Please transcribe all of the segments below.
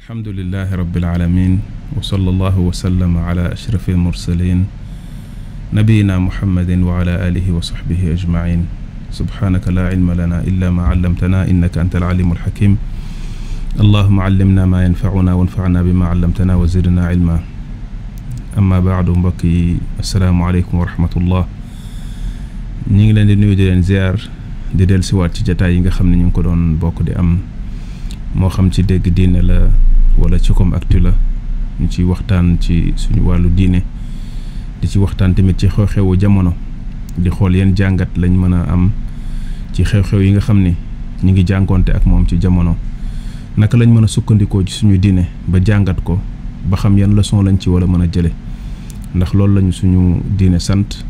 alhamdulilahi rabbil alamin wa sallallahu wa sallama ala ashrafil mursalin nabiyina muhammadin wa ala alihi wa sahbihi ajmain subhanaka la ilma lana illa ma allamtana innaka anta alalimu alhakim allahuma allimna ma yanfauna wanfana bima allamtana wa zidna ilma amma baadu mbokk yi asalaamualeykum wa rahmatullah ñi ngi leen di nuyu di leen ziar di dellusiwaat ci jataay yi nga xam ne ñu ngi ko doon bokk di am moo xam ci dégg diine la wala ci comme actu la ñu ci waxtaan ci suñu wàllu diine di ci waxtaan tamit ci xew-xewu jamono di xool yan jàngat lañ mën a am ci xew-xew yi nga xam ni ñu ngi jànkoonte ak moom ci jamono naka lañ mën a sukkandikoo ci suñu diine ba jàngat ko ba xam yan leçon lañ ci wala mën a jële ndax loolu lañu suñu diine sant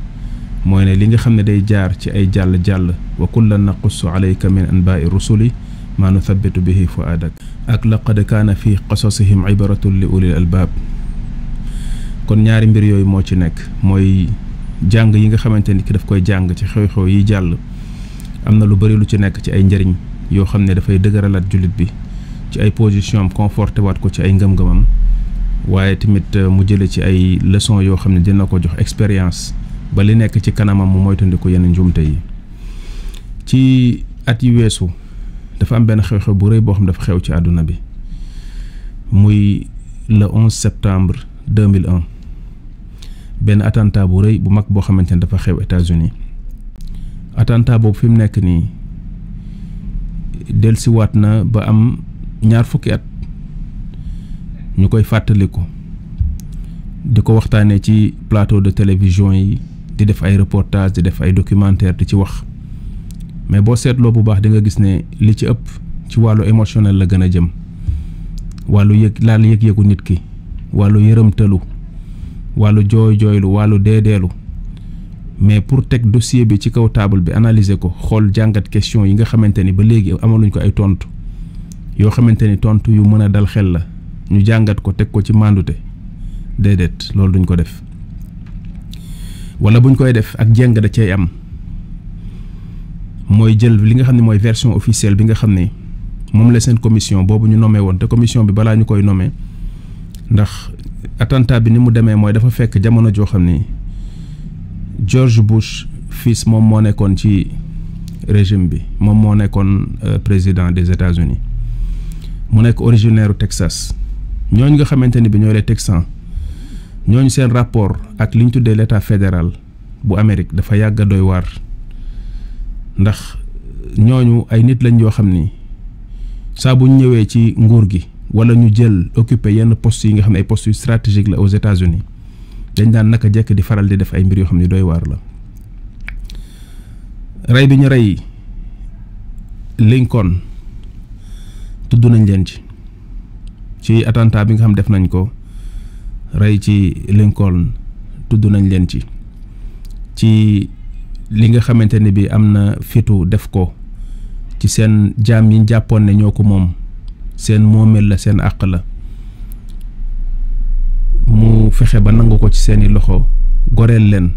mooy ne li nga xam ne day jaar ci ay jàll jàll wa kullan naqussu alayka min anbaai rusuli maa nuthabitu bihi fuaadak ak laqad kaana fi qasasihim ibaratun li ulil albaab kon ñaari mbir yooyu moo ci nekk mooy jàng yi nga xamante ni ki daf koy jàng ci xew-xew yi jàll am na lu bëri lu ci nekk ci ay njëriñ yoo xam ne dafay dëgëralaat jullit bi ci ay position am conforté waat ko ci ay ngëm-ngëmam waaye tamit euh, mu jële ci ay leçon yoo xam ne dina ko jox expérience ba li nekk ci kanamam mu ko yenn njumte yi ci at yu weesu dafa am benn xew-xew bu rëy boo xam dafa xew ci àdduna bi muy le 11 septembre 2001 benn attentat bu rëy bu mag boo xamante ne dafa xew États-Unis attentat boobu fi mu nekk nii dellusiwaat na ba am ñaar fukki at ñu koy fàttaliku di ko waxtaanee ci plateau de télévision yi di def ay reportage di def ay documentaire di ci wax. mais boo seetloo bu baax di gis ne li ci ëpp ci wàllu émotionnel la gën a jëm wàllu yëg laal yëg-yëgu nit ki wàllu yërëmtalu wàllu jooy jooylu wàllu deedeelu mais pour teg dossier bi ci kaw table bi analyser ko xool jàngat question yi nga xamante ni ba léegi amaluñ ko ay tontu yoo xamante ni tontu yu mën a dal xel la ñu jàngat ko teg ko ci màndute déedéet loolu duñ ko def wala buñ koy def ak jeng da cay am mooy jël li nga xam ne mooy version officielle bi nga xam ne moom la seen commission boobu ñu nomee woon te commission bi balaa ñu koy nommé ndax attentat bi ni mu demee mooy dafa fekk jamono joo xam ni George Bush fils moom moo nekkoon ci régime bi moom moo nekkoon euh, président des États-Unis mu nekk originaire Texas ñooñu nga xamante ni bi ñooy les Texans ñooñu seen rapport ak li ñu tuddee l' état bu Amérique dafa yàgg dooy doy waar. ndax ñooñu ay nit lañ yoo xam ni saa bu ñu ñëwee ci nguur gi wala ñu jël occupé yenn postes yi nga xam ne ay post yu stratégique la aux États-Unis dañ daan naka jekk di faral di def ay mbir yoo xam ne doy waar la rey bi ñu rey Lincoln tudd nañ leen ci ci attentat bi nga xam def nañ ko rey ci Lincoln tudd nañ leen ci ci li nga xamante ne bi am na fitu def ko ci seen jaam yi jàppoon ne ñoo ko moom seen moomeel la seen àq la mu fexe ba nangu ko ci seeni loxo goreel leen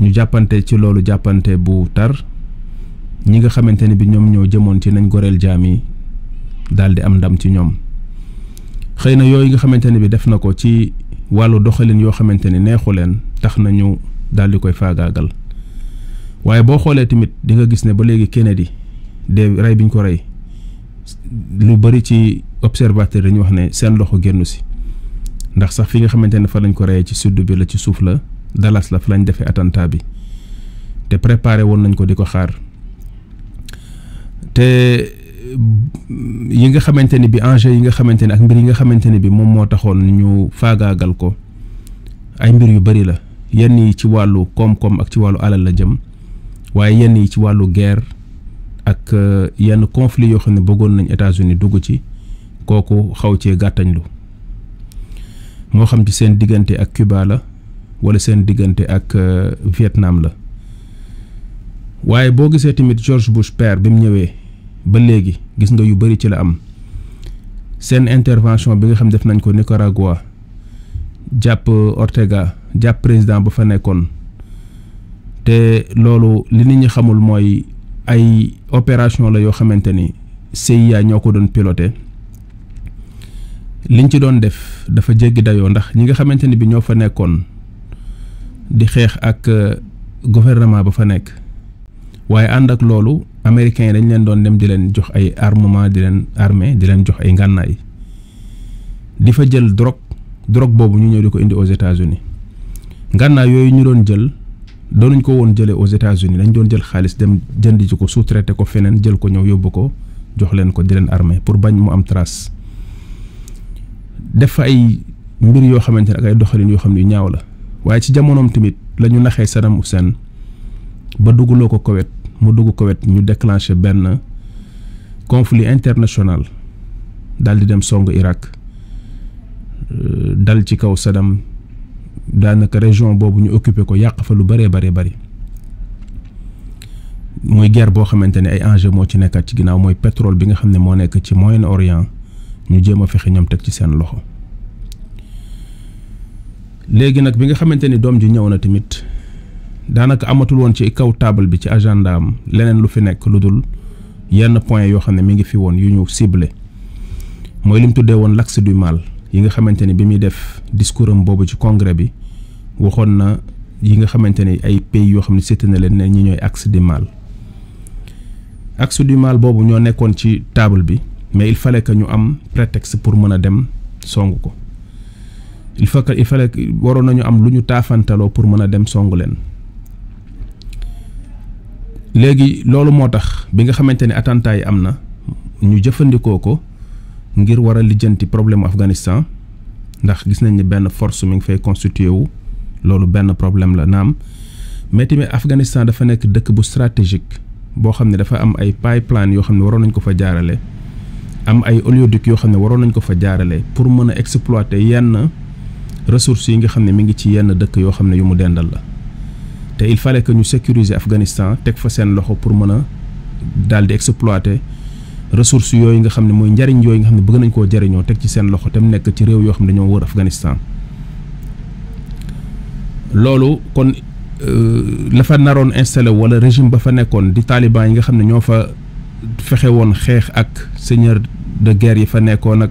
ñu jàppante ci loolu jàppante bu tar ñi nga xamante ne bi ñoom ñoo jëmoon ci nañ goreel jaam yi daldi am ndam ci ñoom xëy na yooyu nga xamante ne bi def na ko ci wàllu doxalin yoo xamante ne neexu leen tax nañu daal di koy faagaagal waaye boo xoolee tamit di nga gis ne ba léegi Kennedy dee rey bi ñu ko rey lu bari ci observateur dañuy wax ne seen loxo génnu si ndax sax fi nga xamante ne fa lañ ko reyee ci sud bi la ci suuf la Dallas la fa lañ defee attentat bi te préparer woon nañ ko di ko xaar te yi nga xamante ni bi enjeu yi nga xamante ne ak mbir yi nga xamante ne bi moom moo taxoon ñu faagaagal ko ay mbir yu bari la yenn yi ci wàllu koom-koom ak ci wàllu alal la jëm waaye yenn yi ci wàllu guerre ak euh, yenn conflit yoo xam ne bëggoon nañ États-Unis dugg ci kooku xaw cee gàttañlu moo xam ci seen diggante ak Cuba la wala seen diggante ak euh, Vietnam la waaye boo gisee tamit George Bush père bi mu ñëwee ba léegi gis nga yu bari ci la am seen intervention bi nga xam def nañ ko Nicaragua jàpp euh, Ortega jàpp président ba fa nekkoon te loolu li nit ñi xamul mooy ay opération la yoo xamante ni CIA ñoo ko doon piloté liñ ci doon def dafa jéggi dayoo ndax ñi nga xamante ni bi ñoo fa nekkoon di xeex ak euh, gouvernement ba fa nekk waaye ànd ak loolu américains yi dañ leen doon dem di leen jox ay armement di leen armée di jox ay ngànnaay di fa jël drogue drogue boobu ñu ñëw di ko indi aux États-Unis ngànnaay yooyu ñu doon jël doonuñ ko woon jëlee aux États-Unis dañ doon jël xaalis dem jënd ji ko sous-traité ko feneen jël ko ñëw yóbbu ko jox leen ko di leen armé pour bañ mu am trace def ay mbir yoo xamante ne ay doxalin yoo xam ne ñaaw la waaye ci jamonoom tamit la ñu naxee Saddam Hussein ba duggloo ko Koweït mu dugg Koweït ñu déclenché benn conflit international daal di dem song Irak euh, dal ci kaw Saddam. daanaka région boobu ñu occupé ko yàq fa lu bëree bëri bëri muy guerre boo xamante ne ay enjeu moo ci nekkaat ci ginnaaw mooy pétrole bi nga xam ne moo nekk ci moyen orient ñu jéem a fexe ñoom teg ci seen loxo léegi nag bi nga xamante ni doom ji ñëw na tamit daanaka amatul woon ci kaw taabal bi ci agenda leneen lu fi nekk lu dul yenn point yoo xam ne mi ngi fi woon yu ñu ciblé mooy lim tuddee woon l'axe du mal yi nga xamante ne bi muy def discours am boobu ci congrès bi waxoon na yi nga xamante ne ay pays yoo xam ne seet na leen ne ñi ñooy axe du mal axe du mal boobu ñoo nekkoon ci table bi mais il fallait que ñu am prétexte pour mën a dem song ko il faut que il fallait waroon nañu am lu ñu taafantaloo pour mën a dem song leen léegi loolu moo tax bi nga xamante ne attentat yi am na ñu jëfandikoo ko. ngir war lijjanti problème Afghanistan ndax gis nañ ne benn force mi ngi fay constitué wu loolu benn problème la naam mais tamit Afghanistan dafa nekk dëkk bu stratégique boo xam ne dafa am ay pipeline yoo xam ne waroon nañ ko fa jaarale am ay oléoduc yoo xam ne waroon nañ ko fa jaarale pour mën a exploiter yenn ressources yi nga xam ne mi ngi ci yenn dëkk yoo xam ne yu mu dendal la te il fallait ñu sécuriser Afghanistan teg fa seen loxo pour mën a daal di exploiter ressources yooyu nga xam ne mooy njariñ yooyu nga xam ne bëgg nañ koo jariñoo teg ci seen loxo te mu nekk ci réew yoo xam ne dañoo wër Afghanistan loolu kon euh, la fa naroon installé wala régime ba fa nekkoon di taliban yi nga xam ne ñoo fa fexe woon xeex ak seigneur de guerre yi fa nekkoon ak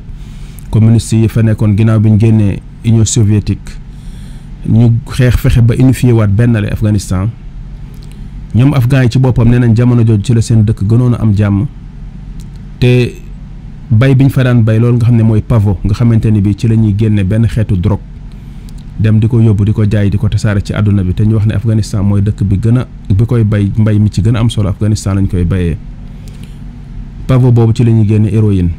communiste yi fa nekkoon ginnaaw bi ñu génnee Union soviétique ñu xeex fexe ba unifié waat benn la Afghanistan ñoom afghans yi ci boppam nee nañ jamono jooju ci la seen dëkk gënoon a am jàmm. te bay bi ñu fa daan bay loolu nga xam ne mooy pavo nga xamante ni bi ci la ñuy génne benn xeetu drogue dem di ko yóbbu di ko jaay di ko tasaare ci àdduna bi te ñu wax ne Afghanistan mooy dëkk bi gën a bi koy bay mbay mi ci gën am solo Afghanistan lañu koy bayee pavot boobu ci la ñuy génne héroïne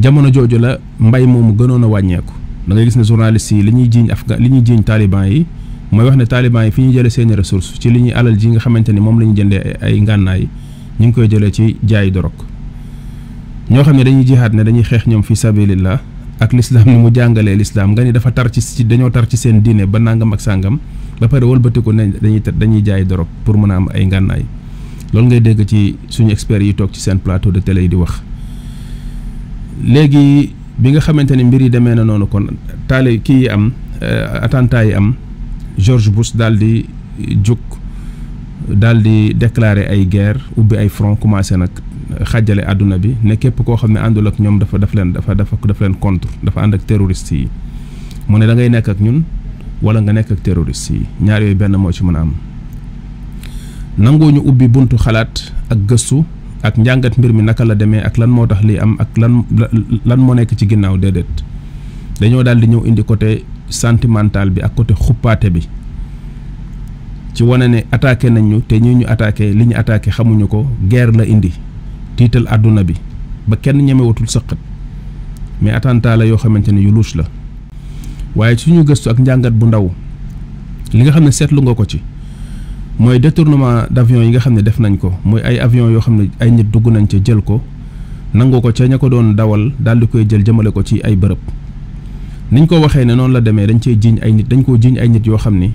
jamono jooju la mbay moomu gënoon a wàññeeku da ngay gis ne journaliste yi li ñuy jiiñ afga li ñuy jiiñ taaliban yi mooy wax ne taaliban yi fi ñu jëlee seeni ressources ci li ñuy alal ji nga xamante ni moom la ñuy ay ngànnaay ñu ngi koy jëlee ci jaay dorog ñoo xam ne dañuy jihaat ne dañuy xeex ñoom fi la ak lislaam ni mu jàngalee lislaam nga ni dafa tar ci dañoo tar ci seen diine ba nangam ak sàngam ba pare wëlbatiku ne dañuy dañuy jaay dorog pour mën a am ay ngànnaay loolu ngay dégg ci suñu experts yi toog ci seen plateau de télé yi di wax léegi bi nga xamante ni mbir yi demee na noonu kon taale kii yi am euh, attentat yi am George Bush daal di jóg daal di déclarer ay guerre ubbi ay front commencé nag xàjjale àdduna bi ne képp koo xam ne àndul ak ñoom dafa daf leen dafa dafa daf leen contre dafa ànd ak terroriste yi mu ne da ngay nekk ak ñun wala nga nekk ak terroriste yi ñaar yooyu benn moo ci mën a am nangoo ñu ubbi buntu xalaat ak gëstu ak njàngat mbir mi naka la demee ak lan moo tax lii am ak lan lan moo nekk ci ginnaaw déedéet dañoo daal di ñëw indi côté sentimental bi ak côté xuppaate bi ci wane ne attaqué nañ ñu te ñi ñu attaqué li ñu attaqué xamuñu ko guerre la indi tiital àdduna bi ba kenn ñemewatul sëqat mais attentat yoo xamante ne yu louche la waaye suñu gëstu ak njàngat bu ndaw li nga xam ne seetlu nga ko ci mooy détournement d'avion yi nga xam ne def nañ ko mooy ay avion yoo xam ne ay nit dugg nañ ca jël ko nangu ko ca ña ko doon dawal daal di koy jël jëmale ko ci ay bërëb niñ ko waxee ne noonu la demee dañ cee jiiñ ay nit dañ koo jiiñ ay nit yoo xam ni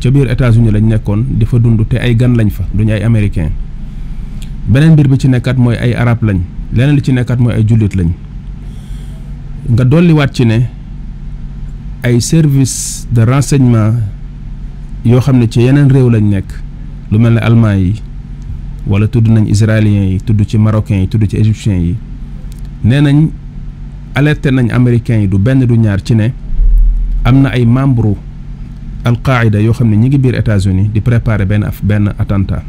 ca biir États-Unis lañ nekkoon di fa dund te ay gan lañ fa duñu ay américain beneen mbir bi ci nekkaat mooy ay arab lañ leneen li ci nekkat mooy ay jullit lañ nga dolliwaat ci ne ay service de renseignement yoo xam ne ci yeneen réew lañ nekk lu mel ne allemand yi wala tudd nañ israéliens yi tudd ci marocains yi tudd ci égyptiens yi nee nañ alerte nañ américains yi du benn du ñaar ci ne am na ay membre alqaida yoo xam ne ñi ngi biir états di préparer benn af benn attentat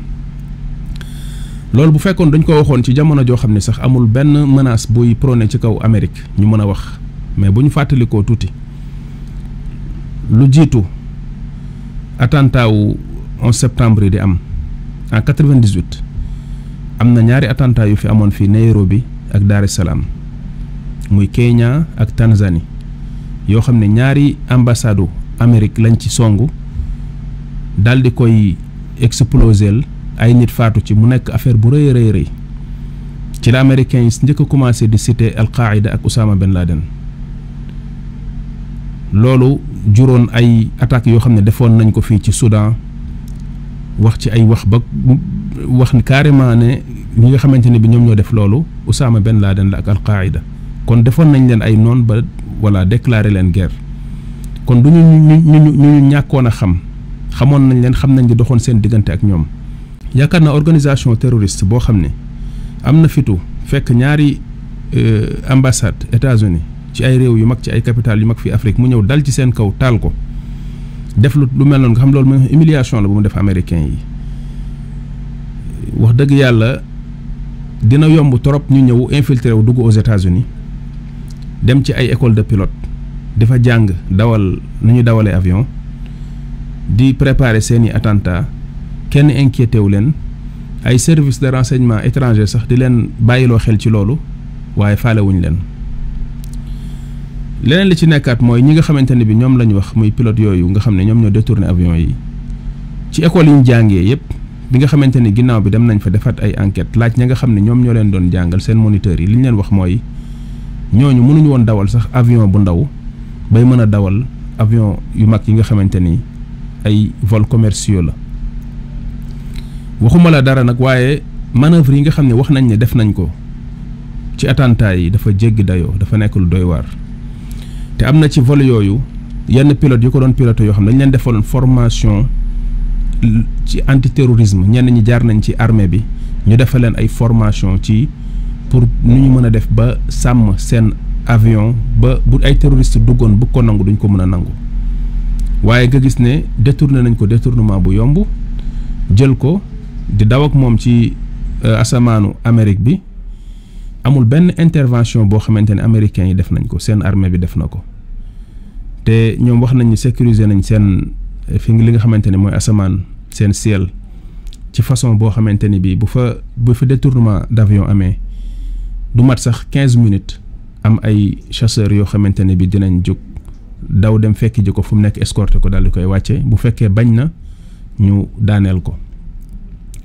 loolu bu fekkoon dañ ko waxoon ci jamono joo xam ne sax amul benn menace buy prôné ci kaw Amérique ñu mën a wax mais bu ñu fàttalikoo tuuti lu jiitu attentat wu 11 septembre yi di am en 98 am na ñaari attentat yu fi amoon fii Nairobi ak Dar es Salaam muy Kenya ak Tanzanie yoo xam ne ñaari ambassade Amérique lañ ci songu daal di koy explosel ay nit faatu ci mu nekk affaire bu rëy rëy rëy ci la américains yi njëkk a commencé di citer al qaida ak Osama Ben Laden loolu juróon ay attaques yoo xam ne defoon nañ ko fii ci Soudan wax ci ay wax ba wax ni carrément ne ñi nga xamante ne bi ñoom ñoo def loolu Osama Ben Laden la ak al qaida kon defoon nañ leen ay noon ba wala déclarer leen guerre. kon du ñu ñu ñu ñàkkoon a xam xamoon nañ leen xam nañ di doxoon seen diggante ak ñoom yaakaar na organisation terroriste boo xam ne am na fitu fekk ñaari euh, ambassade États-Unis ci ay réew yu mag ci ay capital yu mag fii Afrique mu ñëw dal ci seen kaw taal ko def lu lu mel noonu nga xam loolu mooy humiliation la bu mu def américain yi wax dëgg yàlla dina yomb trop ñu ñëw infiltré wu dugg aux États-Unis dem ci ay école de pilote dafa jàng dawal nu ñu dawalee avion di préparer seeni attentat kenn inquiété wu leen ay service de renseignement étranger sax di leen bàyyiloo xel ci loolu waaye faalewuñ leen leneen li ci nekkaat mooy ñi nga xamante ne bi ñoom lañ wax muy pilote yooyu nga xam ne ñoom ñoo détourné avion yi ci école yi ñu jàngee yépp bi nga xamante ni ginnaaw bi dem nañ fa defaat ay enquête laaj ña nga xam ne ñoom ñoo leen doon jàngal seen moniteurs yi li ñu leen wax mooy ñooñu mënuñu woon dawal sax avion bu ndaw bay mën a dawal avion yu mag yi nga xamante ni ay vol commerciaux la waxuma la dara nag waaye manœuvre yi nga xam ne wax nañ ne def nañ ko ci attentat yi dafa jéggi dayoo dafa nekk lu doy waar te am na ci vol yooyu yenn pilote yu ko doon piloté yoo xam ne dañ leen defaloon formation ci antiterrorisme ñenn ñi jaar nañ ci armée bi ñu defal leen ay formation ci pour nu ñu mën a def ba sàmm seen avion ba bu ay terroriste duggoon bugg ko nangu duñ ko mën a nangu waaye nga gis ne détourné nañ ko détournement bu yomb jël ko di daw ak moom ci euh, asamaanu Amérique bi amul benn intervention boo xamante ne américains yi def nañ ko seen armée bi def na ko te ñoom wax nañ ni sécuriser nañ seen euh, fi li nga xamante ne mooy asamaan seen ciel ci façon boo xamante ni bii bu fa bu fa détournement d' avion amee du mat sax quinze minutes. am ay chasseurs yoo xamante ne bi dinañ jóg daw dem fekk ji ko fu mu nekk escorté ko daal di koy wàcce bu fekkee bañ na ñu daaneel ko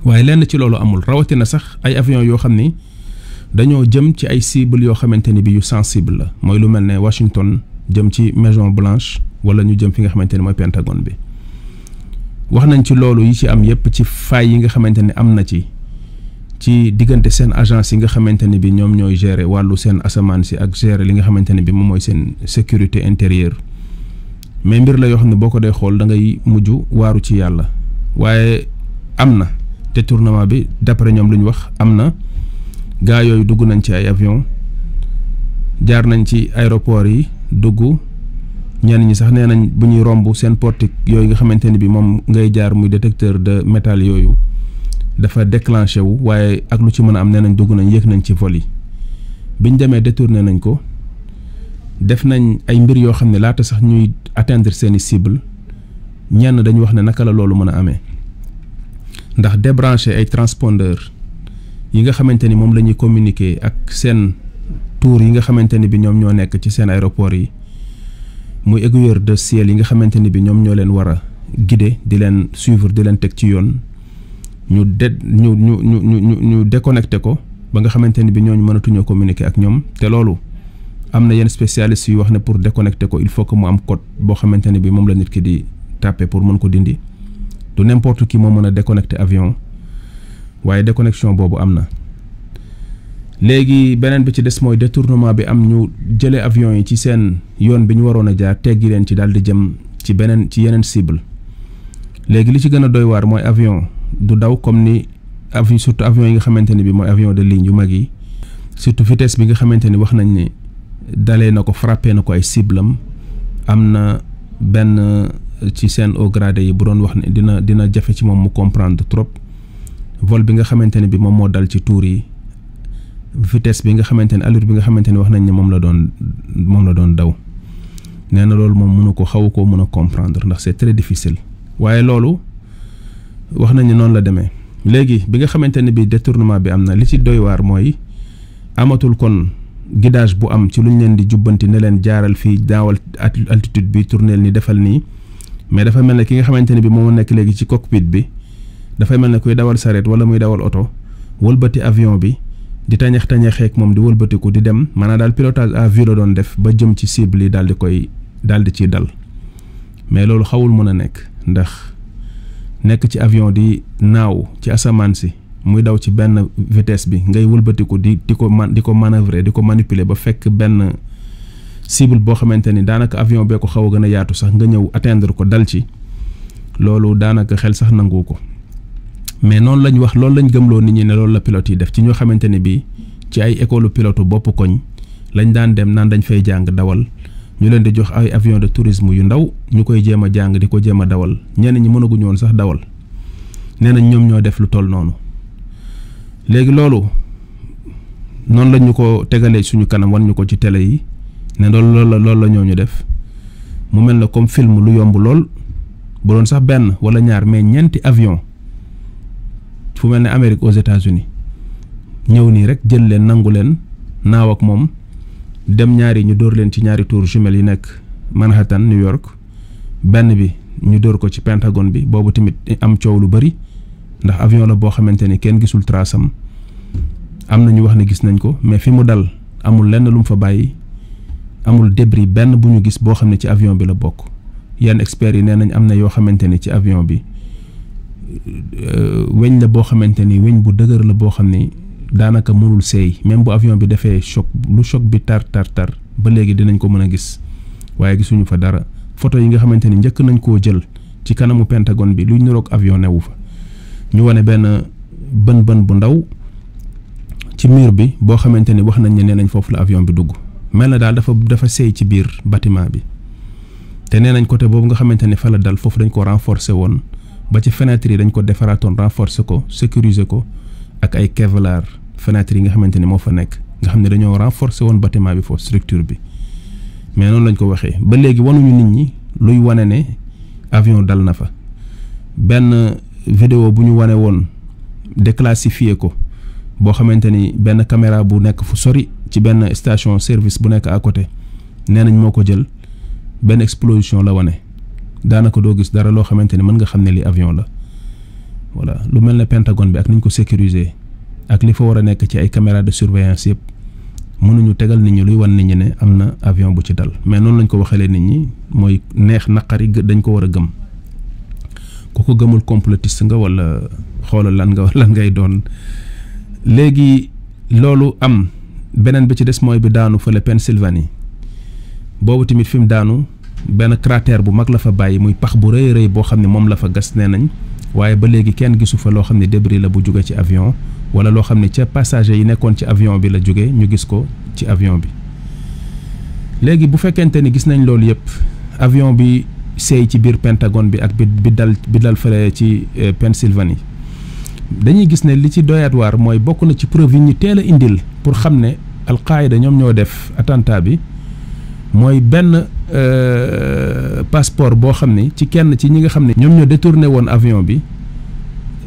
waaye lenn ci loolu amul rawatina sax ay avions yoo xam ni dañoo jëm ci ay cibles yoo xamante ni bi yu sensible la mooy lu mel ne Washington jëm ci Maison Blanche wala ñu jëm fi nga xamante ne mooy Pentagone bi wax nañ ci loolu yi ci am yépp ci faay yi nga xamante ne am na ci ci diggante seen agence yi nga xamante ne bi ñoom ñooy gérer wàllu seen asamaan si ak gérer li nga xamante ne bi moom mooy seen sécurité intérieure mais mbir la yoo xam ne boo ko dee xool da ngay mujj waaru ci yàlla waaye am na te détournement bi d'après ñoom lu ñu wax am na gaa yooyu dugg nañ ci ay avion jaar nañ ci aéroport yi dugg ñenn ñi sax nee nañ bu ñuy romb seen portique yooyu nga xamante ne bi moom ngay jaar muy détecteur de métal yooyu dafa déclenché wu waaye ak lu ci mën a am nee nañ dugg nañ yëg nañ ci vol yi ñu demee détourné nañ ko def nañ ay mbir yoo xam ne laata sax ñuy atteindre seeni cible ñenn dañu wax ne naka la loolu mën a amee ndax débranché ay transpondeur yi nga xamante ni moom la ñuy communiquer ak seen tour yi nga xamante ni bi ñoom ñoo nekk ci seen aéroport yi muy aiguilleur de ciel yi nga xamante ni bi ñoom ñoo leen war a guider di leen suivre di leen teg ci yoon ñu de ñu ñu ñu ñu ñu déconnecté ko ba nga xamante ni bi ñooñu mënatuñoo communiquer ak ñoom te loolu am na yenn spécialistes yu wax ne pour déconnecter ko il faut que mu am code boo xamante ne bi moom la nit ki di tàppe pour mën ko dindi du n'importe qui moo mën a déconnecter avion waaye déconnexion boobu am na. léegi beneen bi ci des mooy détournement bi am ñu jëlee avion yi ci seen yoon bi ñu waroon a jaar teggi leen ci daal di jëm ci beneen ci yeneen cible léegi li ci gën a doy waar mooy avion. du daw comme ni avion surtout avion yi nga xamante ne bi moo avion de ligne yu mag yi surtout vitesse bi nga xamante ni wax nañ ni dalee na ko frappé na ko ay ciblam am na benn ci seen au yi bu doon wax ne dina dina jafe ci moom mu comprendre trop vol bi nga xamante ne bi moom moo dal ci tuur yi vitesse bi nga xamante ne allure bi nga xamante ne wax nañ ne moom la doon moom la doon daw nee na loolu moom mënu ko xaw koo mën a comprendre ndax c'est très difficile wax nañu noonu la demee léegi bi nga xamante ne bi détournement bi am na li ci doy waar mooy amatul kon guidage bu am ci lu ñu leen di jubbanti ne leen jaaral fii daawal altitude bi tourneel ni defal nii mais dafa mel ne ki nga xamante ne bi moo nekk léegi ci cockpit bi dafay mel ne kuy dawal sareet wala muy dawal oto wëlbati avion bi di tañax tañaxeek moom di wëlbatiku di dem maanaam daal pilotage à vue doon def ba jëm ci cible yi daal di koy daal di ciy dal mais loolu xawul mën a nekk ndax nekk ci avion di naaw ci asamaan si muy daw ci benn vitesse bi ngay wëlbatiku di di ko man di ko manoeuvrer di ko manipuler ba fekk benn cible boo xamante ni daanaka avion bee ko xaw a gën a yaatu sax nga ñëw atteindre ko dal ci loolu daanaka xel sax nangu ko mais noonu lañ wax loolu lañ gëmloo nit ñi ne loolu la pilote yi def ci ñoo xamante ne bii ci ay école pilote bopp koñ lañ daan dem naan dañ fay jàng dawal. ñu leen di jox ay avion de tourisme yu ndaw ñu koy jéem a jàng di ko jéem a dawal ñenn ñi mënaguñu woon sax dawal nee nañ ñoom ñoo def lu tool noonu léegi loolu noonu lañ ñu ko tegalee suñu kanam wan ñu ko ci télé yi ne loolu la loolu la ñoo ñu def mu mel na comme film lu yomb lool bu doon sax benn wala ñaar mais ñeenti avion fu mel ne Amérique aux États-Unis ñëw nii rek jël leen nangu leen naaw ak moom. dem ñaari ñu dóor leen ci ñaari tour jumelle yi nekk Manhattan New York benn bi ñu dóor ko ci Pentagone bi boobu tamit am coow lu bari ndax avion la boo xamante ni kenn gisul trasam am am na ñu wax ne gis nañ ko mais fi mu dal amul lenn lu mu fa bàyyi amul débris benn bu ñu gis boo xam ne ci avion bi la bokk yenn experts yi nee nañ am na yoo xamante ni ci avion bi euh, weñ la boo xamante ni weñ bu dëgër la boo xam ni daanaka mënul seey même bu avion bi defee choc lu choc bi tar tar tar ba léegi dinañ ko mën a gis waaye gisuñu fa dara photo yi nga xamante ni njëkk nañ koo jël ci kanamu pentagone bi lu niroog avion newu fa ñu wane benn bën bën bu ndaw ci mur bi boo xamante ni wax nañ ne nee nañ foofu la avion bi dugg mel na daal dafa dafa seey ci biir bâtiment bi te nee nañ côté boobu nga xamante ni fa la dal foofu dañ ko renforcer woon ba ci fenêtre yi dañ ko defaraatoon renforcer ko sécuriser ko ak ay kevlar fenêtre yi nga xamante ne moo fa nekk nga xam ne dañoo renforcer woon bâtiment bi foofu structure bi mais noonu lañ ko waxee ba léegi wanuñu nit ñi luy wane ne avion dal na fa benn vidéo bu ñu wane woon déclassifié ko boo xamante ni benn caméra bu nekk fu sori ci benn station service bu nekk à côté nee nañ moo ko jël benn explosion la wane daanaka doo gis dara loo xamante ni mën nga xam ne li avion la voilà lu mel ne Pentagone bi ak niñ ko sécuriser ak li fa war a nekk ci ay caméra de surveillance yëpp mënuñu tegal nit ñi luy wan nit ñi ne am na avion bu ci dal mais noonu lañ ko waxalee nit ñi mooy neex naqari dañ ko war a gëm ku ko gëmul complotiste nga wala xoolal lan nga lan ngay doon léegi loolu am beneen bi ci des mooy bi daanu fële Pennsylvanie boobu tamit fi mu daanu benn cratère bu mag la fa bàyyi muy pax bu rëy rëy boo xam ne moom la fa gas nee nañ waaye ba léegi kenn gisu fa loo xam ne débris la bu jóge ci avion wala loo xam ne ca passager yi nekkoon ci avion bi la jóge ñu gis ko ci avion bi léegi bu fekkente ni gis nañ loolu yëpp avion bi seey ci biir Pentagone bi ak bi dal bi dal fële ci euh, Pennsylvanie dañuy gis ne li ci doyaat mooy bokk na ci preuve yi ñu teel a indil pour xam ne alqaayida ñoom ñoo def attentat bi mooy benn euh, passeport boo xam ne ci kenn ci ñi nga xam ne ñoom ñoo détourné woon avion bi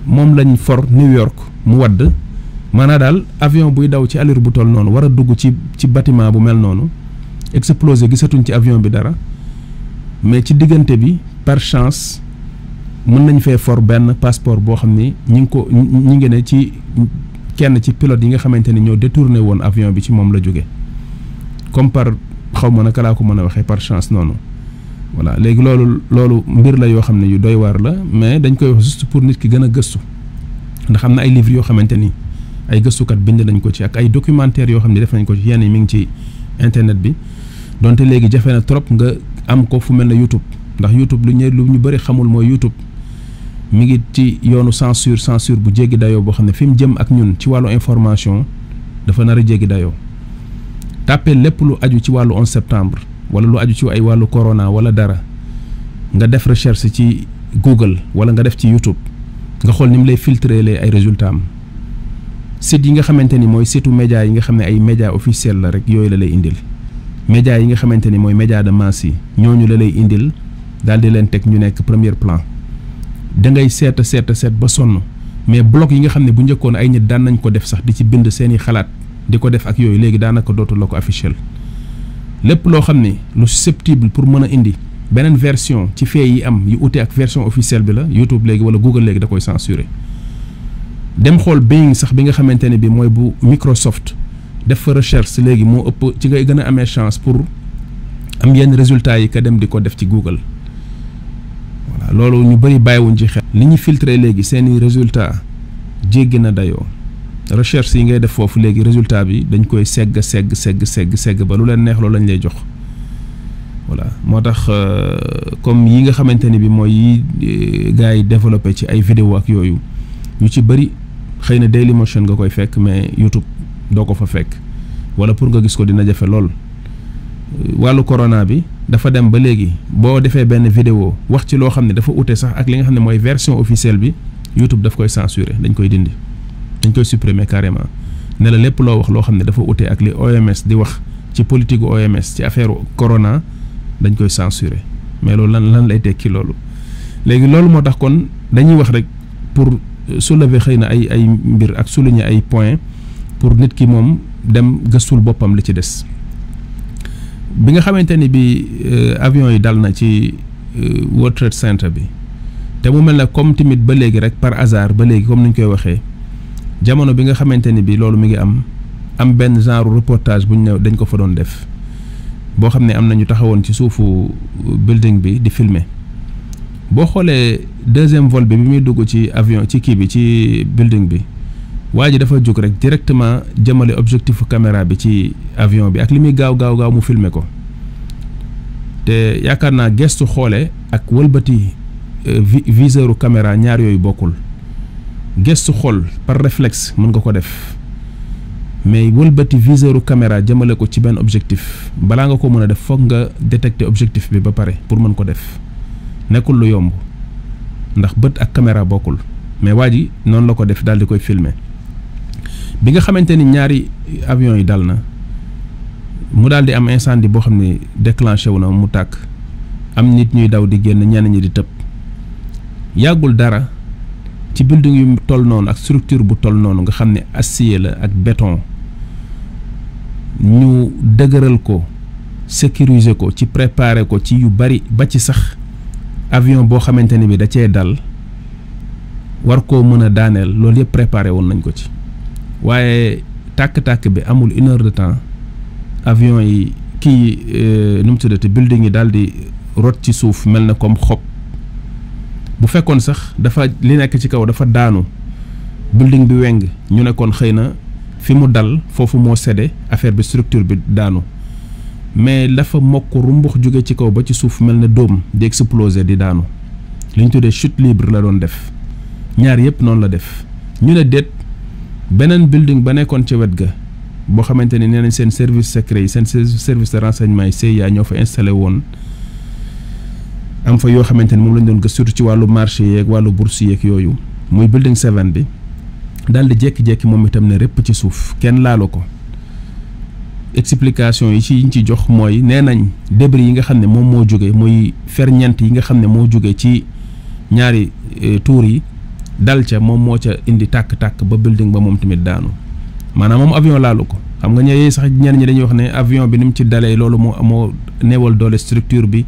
moom lañ for New York mu wadd maanaa daal avion buy daw ci allure bu toll noonu war a dugg ci ci bâtiment bu mel noonu explosé gisatuñ ci avion bi dara mais ci diggante bi par chance mën nañ fee for benn passeport boo xam ni ñi ngi ko ñi ngi ne ci kenn ci pilote yi nga xamante ni ñoo détourné woon avion bi ci moom la jóge comme par xaw ma naka laa ko mën a waxee par chance noonu voilà léegi loolu loolu mbir la yoo xam ne yu doy waar la mais dañ koy wax juste pour nit ki gën a gëstu ndax am na ay livres yoo xamante ni ay gëstukat bind nañ ko ci ak ay documentaires yoo xam ne def nañ ko ci yenn yi ngi ci internet bi donte léegi jafe na trop nga am ko fu mel ne YouTube ndax YouTube lu ñu lu ñu bëri xamul mooy YouTube mi ngi ci yoonu censure censure bu jéggi dayoo boo xam ne fi mu jëm ak ñun ci wàllu information dafa nar a jéggi dayoo tàppee lépp lu aju ci wàllu 11 septembre wala lu aju ci ay wàllu corona wala dara nga def recherche ci Google wala nga def ci YouTube. nga xool ni mu lay filtrer les ay résultats am yi nga xamante ni mooy situ média yi nga xam ne ay média officiel la rek yooyu la lay indil média yi nga xamante ni mooy média de masse yi ñooñu la lay indil daal di leen teg ñu nekk première plan da ngay seet seet seet ba sonn mais blog yi nga xam ne bu njëkkoon ay nit daan nañ ko def sax di ci bind seeni xalaat di ko def ak yooyu léegi daanaka dootul la ko officiel lépp loo xam ne lu septible pour mën a indi beneen version ci fee yi am yu ute ak version officielle bi la YouTube léegi wala Google léegi da koy censurer dem xool Bing sax bi nga xamante ne bi mooy bu Microsoft def fa recherche léegi moo ëpp ci ngay gën a amee chance pour am yenn résultats yi ka dem di ko def ci Google voilà loolu ñu bëri bàyyiwuñ ci xel. li ñu filtré léegi seeni résultats jéggi na dayoo. recherche yi ngay def foofu léegi résultat bi dañ koy segg segg segg segg segg ba lu leen neex loolu lañ lay jox voilà moo tax euh, comme yi nga xamante ne bi mooy yi euh, gars yi développé ci ay vidéo ak yooyu yu ci bëri xëy na Dailymotion nga koy fekk mais YouTube doo ko fa fekk wala pour nga gis ko dina jafe lool euh, wàllu corona bi dafa dem ba léegi boo defee benn vidéo wax ci loo xam ne dafa ute sax ak li nga xam ne mooy version officielle bi YouTube daf koy censurer dañ koy dindi dañ koy supprimer carrément ne la lépp loo wax loo xam ne dafa ute ak li OMS di wax ci politique OMS ci affaire corona dañ koy censurer mais loolu lan lañ lay tekki loolu léegi loolu moo tax kon dañuy wax rek pour euh, soulever xëy na ay ay mbir ak souligner ay point pour nit ki moom dem gëstul boppam li ci des bi nga xamante ni bi euh, avion yi dal na ci euh, World Trade bi te mu mel na comme tamit ba léegi rek par hasard ba léegi comme ni ñu koy waxee jamono bi nga xamante ni bi loolu mi ngi am am benn genre reportage bu ñu ne dañ ko fa doon def boo xam ne am na ñu taxawoon ci suufu euh, building bi di filmer boo xoolee deuxième vol bi bi muy dugg ci avion ci kii bi ci building bi waa ji dafa jóg rek directement jëmale objectif caméra bi ci avion bi ak li muy gaaw gaaw gaaw mu filmer ko te yaakaar naa gestu xoole ak wëlbati euh, viseuru caméra ñaar yooyu bokkul gestu xool par réflexe mën nga ko def mais wëlbati viseuru caméra jëmale ko ci benn objectif balaa nga ko mën a def foog nga détecter objectif bi ba pare pour mën ko def nekkul lu yomb ndax bët ak caméra bokkul mais waa ji noonu la ko def daal di koy filmer bi nga xamante ni ñaari avion yi dal na mu daal di am incendie boo xam ne déclenché wu na mu tàkk am nit ñuy daw di génn ñenn ñi di tëb yàggul dara ci building yu toll noonu ak structure bu toll noonu nga xam ne acier la ak béton. ñu dëgëral ko sécuriser ko ci préparer ko ci yu bari ba ci sax avion boo xamante ni bi da cee dal war koo mën a daaneel loolu yëpp préparé woon nañ ko ci waaye tàkk-tàkk bi amul une heure de temps avion yi kii euh, nu mu tuddati building yi daal di rot ci suuf mel na comme xob bu fekkoon sax dafa li nekk ci kaw dafa daanu building bi weng ñu nekkoon xëy na fi mu dal foofu moo sedde affaire bi structure bi daanu mais dafa mokk rumbux jóge ci kaw ba ci suuf mel na doom di exploser di daanu li ñu tuddee chute libre la doon def ñaar yëpp noonu la def ñu ne déet beneen building ba nekkoon ca wet ga boo xamante ni nee nañ seen service secret yi seen service de renseignement yi CIA ñoo fa installé woon am fa yoo xamante ni moom lañ doon gëstu surtout ci wàllu marché yeeg wàllu bourse yeeg yooyu muy building 7 bi daal di jékki-jékki moom itam ne rëpp ci suuf kenn laalu ko explication yi ci yiñ ci jox mooy nee nañ débris yi nga xam ne moom moo jóge muy ferñeent yi nga xam ne moo jóge ci ñaari e, tuur yi dal ca moom moo ca indi tàkk-tàkk ba building ba moom tamit daanu maanaam moom avion laalu ko xam nga ñooy sax ñenn ñi dañuy wax ne avion bi ni mu ci dalee loolu moo moo néewal doole structure bi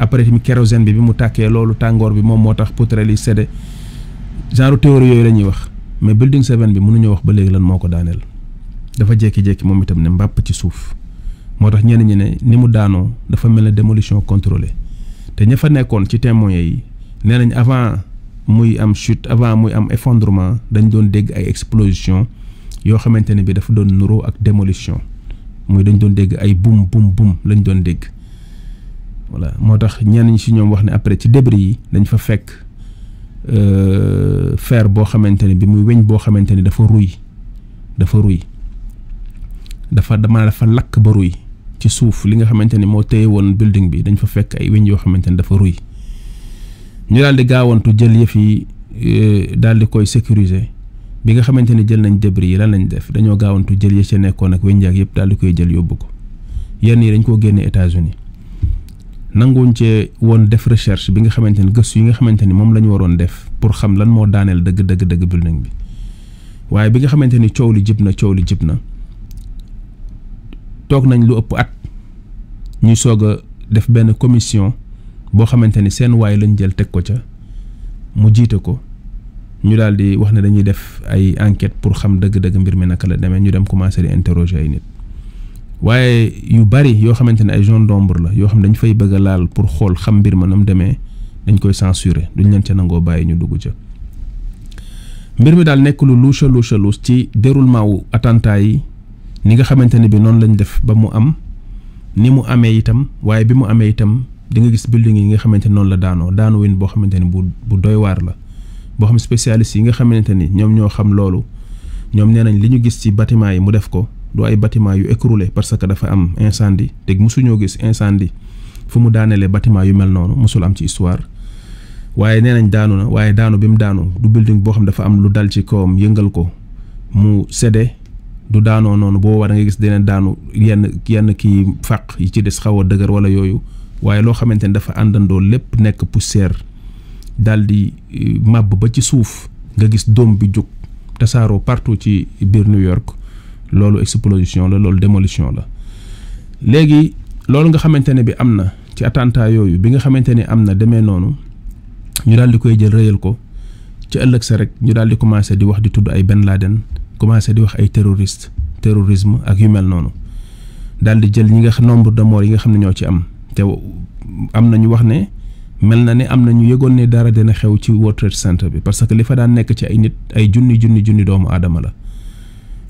après tamit kérosène bi bi mu tàkkee loolu tàngoor bi moom moo tax poutrelle yi sédde genre théorie yooyu la ñuy wax. mais building seven bi mënuñoo wax ba léegi lan moo ko daaneel dafa jékki-jékki moom itam ne mbàpp ci suuf moo tax ñenn ñi ne ni mu daanoo dafa mel ne démolition contrôlée te ña fa nekkoon ci témoins yi nee nañ avant muy am chute avant muy am effondrement dañ doon dégg ay explosion yoo xamante ne bi dafa doon nuroo ak démolition muy dañ doon dégg ay bum bum bum lañ doon dégg voilà moo tax ñenn ñi si ñoom wax ne après ci débris yi dañ fa fekk. Euh, fer boo xamante ne bi muy weñ boo xamante ne dafa ruy dafa ruy dafa dama dafa lakk ba ruy ci suuf li nga xamante ne moo téye woon building bi dañ fa fekk ay weñ yoo xamante ne dafa ruy ñu daal di gaawantu jël yëf yi euh, daal di koy sécuriser bi nga xamante ne jël nañ débris yi lan lañ def dañoo gaawantu jël ya ca nekkoon ak weñ ak yëpp daal di koy jël yóbbu ko yenn yi dañ koo génne États-Unis nanguwuñ cee woon def recherche bi nga xamante ni gëstu yi nga xamante ni moom la ñu waroon def pour xam lan moo daaneel dëgg dëgg dëgg building bi waaye bi nga xamante ni coow li jib na coow li jib na toog nañ lu ëpp at ñuy soog a def benn commission boo xamante ni seen waay lañ jël teg ko ca mu jiite ko ñu daal di wax ne dañuy def ay enquête pour xam dëgg-dëgg mbir mi naka la demee ñu dem commencé di interroger ay nit. waaye yu bari yoo xamante ne ay zone d'ombre la yoo xam ne dañ fay bëgg a laal pour xool xam mbir ma nam demee dañ koy censurer duñ leen ca nangoo bàyyi ñu dugg ca mbir mi daal nekk lu luusa luusa luus ci déroulement wu attentat yi ni nga xamante ne bi noonu lañu def ba mu am ni mu amee itam waaye bi mu amee itam di nga gis building yi nga xamante ne noonu la daanoo daanu win boo xamante ne bu bu doy waar la boo xam spécialiste yi nga xamante ni ñoom ñoo xam loolu ñoom nee nañ li ñu gis ci bâtiment yi mu def ko du ay bâtiment yu écroulé parce que dafa am incendie te mosuñoo gis incendie fu mu daanelee bâtiment yu mel noonu mosul am ci histoire waaye nee nañ daanu na waaye daanu bi mu daanu du building boo xam dafa am lu dal ci kawam yëngal ko mu sedde du daanoo noonu boo war da nga gis dina daanu yenn yenn kii fàq yi ci des xaw a dëgër wala yooyu waaye loo xamante ne dafa àndandoo lépp nekk poussière daal di eh, màbb ba ci suuf nga gis doom bi jóg tasaaroo partout ci biir New York loolu explosion la loolu démolition la léegi loolu nga xamante ne bi am na ci attentat yooyu bi nga xamante ne am na demee noonu ñu daal di koy jël rëyal ko ci ëllëg sa rek ñu daal di commencé di wax di tudd ay Ben Laden commencé di wax ay terroriste terrorisme ak yu mel noonu daal di jël ñi nga nombre de morts yi nga xam ne ñoo ci am te am na ñu wax ne mel na ne am na ñu yëgoon ne dara dina xew ci World Trade bi parce que li fa daan nekk ci ay nit ay junni junni junni doomu aadama la.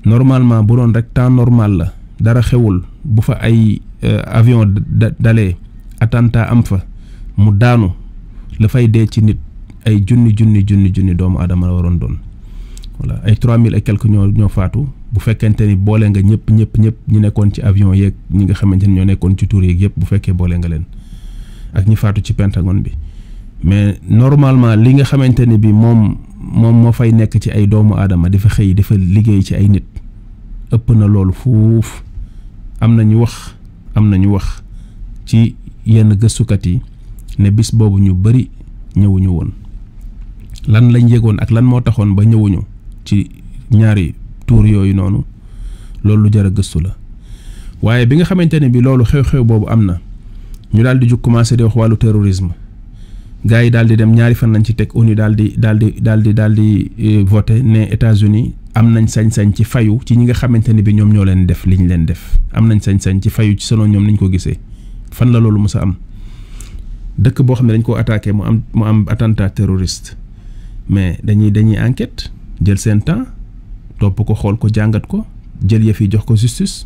normalement bu doon rek temps normal la dara xewul bu fa ay euh, avion dalee attentat am fa mu daanu la fay dee ci nit ay junni junni junni junni doomu aadama la waroon doon voilà ay trois mille et quelques ñoo faatu bu fekkente ni boole nga ñëpp ñëpp ñëpp ñi nekkoon ci avion yeeg ñi nga xamante ni ñoo nekkoon ci tour yeeg yëpp bu fekkee boole nga leen ak ñi faatu ci Pentagone bi mais normalement li nga xamante ni bi moom moom moo fay nekk ci ay doomu aadama dafa xëy dafa liggéey ci ay nit ëpp na loolu fuuf am na ñu wax am na ñu wax ci yenn gëstukat yi ne bis boobu ñu bari ñëwuñu woon lan lañ yëgoon ak lan moo taxoon ba ñëwuñu ci ñaari tuur yooyu noonu loolu lu jar gëstu la waaye bi nga xamante ne bi loolu xew-xew boobu am na ñu daal di jug commencé di wax wàllu terrorisme gars yi daal di dem ñaari fan lañ ci teg ONU daal di daal di daal di daal di eh, voté ne États-Unis am nañ sañ-sañ ci fayu ci ñi nga xamante ne bi ñoom ñoo leen def liñ leen def am nañ sañ-sañ ci fayu ci selon ñoom ñu ko gisee fan la loolu mës a am dëkk boo xam ne dañ ko attaqué mu am mu am attentat terroriste mais dañuy dañuy enquête jël seen temps topp ko xool ko jàngat ko jël yëf fi jox ko justice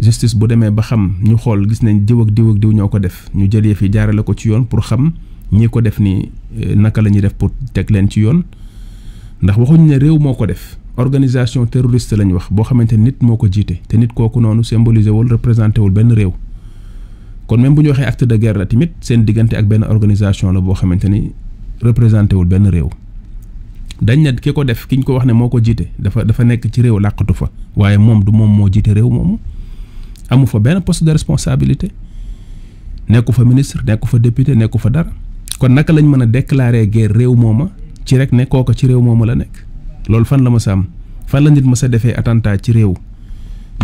justice bu demee ba xam ñu xool gis nañ diw ak diw ak diw ñoo ko def ñu jël yëf yi jaarale ko ci yoon pour xam. ñii ko def nii euh, naka la ñuy def pour teg leen ci yoon ndax waxuñu ne réew moo ko def organisation terroriste lañ wax boo xamante nit moo ko jiite te nit kooku noonu symboliser wul représenté wul benn réew kon même bu ñu waxee acte de guerre la tamit seen diggante ak benn organisation la boo xamante ni représenté wul benn réew dañ ne ki ko def ki ñu ko wax ne moo ko jiite dafa dafa nekk ci réew làqatu fa waaye moom du moom moo jiite réew moomu amu fa benn poste de responsabilité nekku fa ministre nekku fa député nekku fa dara kon naka lañ mën a déclarer guerre réew mooma ci rek ne kooka ci réew mooma la nekk loolu fan la ma sa am fan la nit ma sa defee attentat ci réew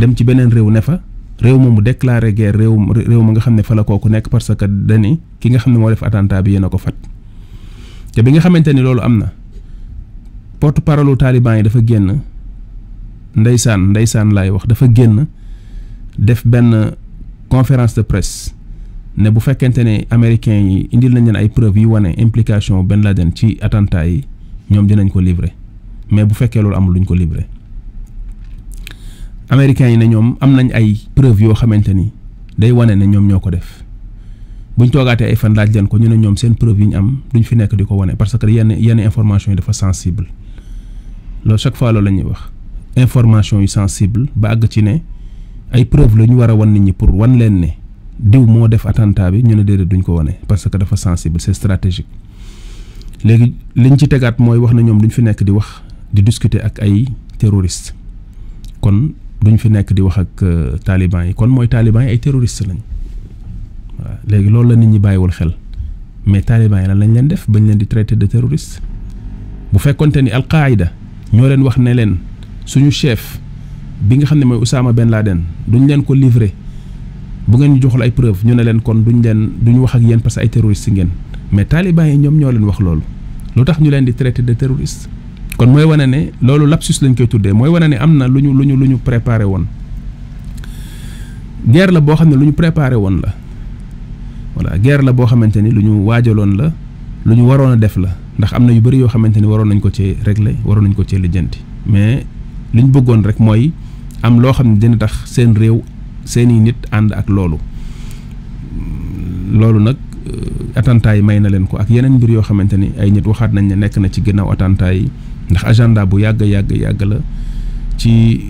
dem ci beneen réew ne fa réew moomu déclarer guerre réew réew ma nga xam ne fa la kooku nekk parce que dani ki nga xam ne moo def attentat bi yéen ko fat te bi nga xamante ni loolu am na porte parole taliban yi dafa génn ndeysaan ndeysaan laay wax dafa génn def benn conférence de presse ne bu fekkente ne américains yi indil nañ leen ay preuves yi wane implication Ben Laden ci attentat yi ñoom dinañ ko livrer mais bu fekkee loolu amul luñ ko libre américains yi ne ñoom am nañ ay preuves yoo xamante ni day wane ne ñoom ñoo ko def buñ toogaatee ay fan laaj leen ko ñu ne ñoom seen preuve yi ñu am duñ fi nekk di ko wane parce que yenn yenn information yi dafa sensible loolu chaque fois loolu la ñuy wax information yu sensible ba àgg ci ne ay preuve la ñu war wan nit ñi pour wan leen ne. diw moo def attentat bi ñu ne déedéet duñ ko wane parce que dafa sensible c'est stratégique léegi liñ ci tegaat mooy wax na ñoom duñ fi nekk di wax di discuter ak ay terroristes kon duñu fi nekk di wax ak euh, taliban yi kon mooy taaliban yi ay terroristes lañ waaw léegi loolu la nit ñi bàyyiwul xel mais taliban yi lan lañ leen def bañ leen di traité de terroriste bu fekkonte ni alqaayida ñoo leen wax ne leen suñu chef bi nga xam ne mooy Oussama Ben Laden duñ leen ko livré. bu ngeen ñu joxul ay preuve ñu ne leen kon duñu leen duñ wax ak yéen parce que ay terroriste ngeen mais taliban yi ñoom ñoo leen wax loolu lu tax ñu leen di traité de terroriste kon mooy wane ne loolu lapsus lañ koy tuddee mooy wane ne am na lu ñu lu ñu lu ñu préparé woon guerre la boo xam ne lu ñu préparé woon la voilà guerre la boo xamante ni lu ñu waajaloon la lu ñu waroon a def la ndax am na yu bëri yoo xamante ni waroon nañ ko cee régler waroon nañ ko cee lijjanti mais li ñu bëggoon rek mooy am loo xam ne dina tax seen réew seeni nit ànd ak loolu loolu nag euh, attentat yi may na leen ko ak yeneen mbir yoo xamante ni ay nit waxaat nañ ne nekk na ci ginnaaw attentat ndax agenda bu yàgg yàgg yàgg la ci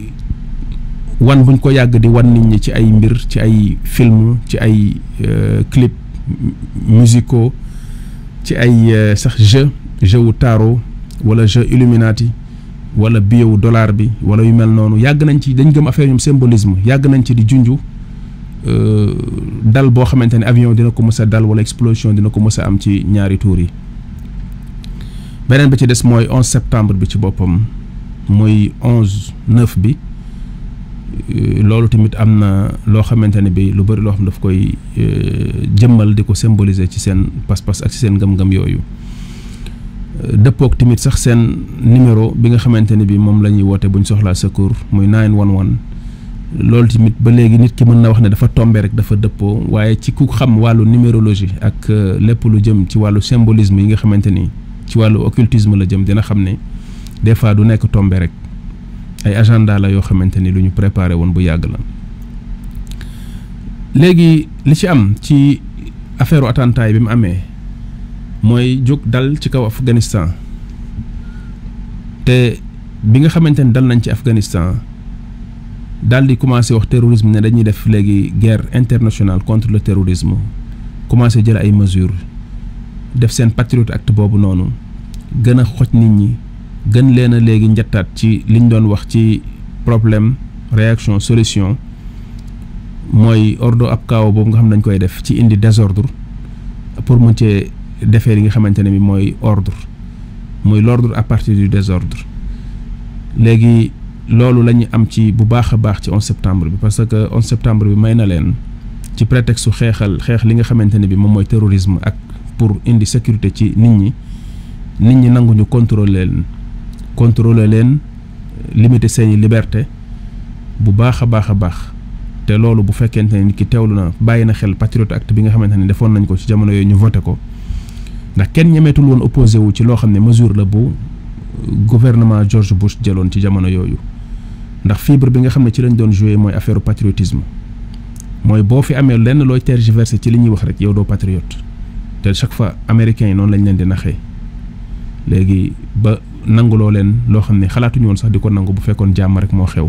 wan buñ ko yàgg di wan nit ñi ci ay mbir ci ay film ci ay euh, clip musicaux ci ay euh, sax jeu jeu wu taro wala jeu Illuminati wala biyewu dollar bi wala yu mel noonu yàgg nañ ci dañ gëm affaire ñoom symbolisme yàgg nañ ci di junju euh, dal boo xamante ne avion dina ko mës a dal wala explosion dina ko mës am ci ñaari tuur yi beneen bi ci des mooy 11 septembre bi ci boppam mooy 11 9 bi euh, loolu tamit am na loo xamante ne bi lu bëri loo xam daf koy euh, jëmmal di ko symboliser ci seen pas-pas ak ci seen ngëm-ngëm yooyu. dëppook tamit sax seen numéro bi nga xamante ne bi moom la ñuy woote buñ ñu soxlaa secours muy 911 loolu tamit ba léegi nit ki mën na wax ne dafa tombe rek dafa dëppoo waaye ci ku xam wàllu numérologie ak euh, lépp lu jëm ci wàllu symbolisme yi nga xamante ni ci wàllu occultisme la jëm dina xam ne des fois du nekk tombé rek ay agenda la yoo xamante ni lu ñu préparé woon bu yàgg la léegi li ci am ci affaire attentat bi mu amee. mooy jóg dal ci kaw Afghanistan te bi nga xamante ne dal nañ ci Afghanistan daal di commencé wax terrorisme ne dañuy def léegi guerre internationale contre le terrorisme commencé jël ay mesures def seen Patriot Act boobu noonu gën a xoj nit ñi gën leen a léegi njattaat ci li ñu doon wax ci problème réaction solution mooy ordre ab kaaw boobu nga xam dañ koy def ci indi désordre pour mën cee defee li nga xamante ne bi mooy ordre mooy l'ordre à partir du désordre léegi loolu la ñu am ci bu baax a baax ci on septembre bi parce que 11 septembre bi may na leen ci prétexte su xeexal xeex li nga xamante ne bi moom mooy terrorisme ak pour indi sécurité ci nit ñi nit ñi nanguñu contrôler leen contrôler leen limiter seeni liberté bu baax a baax a baax te loolu bu fekkente ne nit ki teewlu na bàyyi na xel Patriot Act bi nga xamante ne defoon nañ ko ci jamono yooyu ñu voté ko ndax kenn ñemeetul woon opposé wu ci loo xam ne mesure la bu euh, gouvernement George Bush jëloon ci jamono yooyu ndax fibre bi nga xam ne ci lañ doon joué mooy affaire patriotisme mooy boo fi amee lenn looy tergiversé ci li ñuy wax rek yow doo patriote te chaque fois américains yi noonu lañ leen di naxee léegi ba nanguloo leen loo xam ne xalaatuñu woon sax di ko nangu bu fekkoon jàmm rek moo xew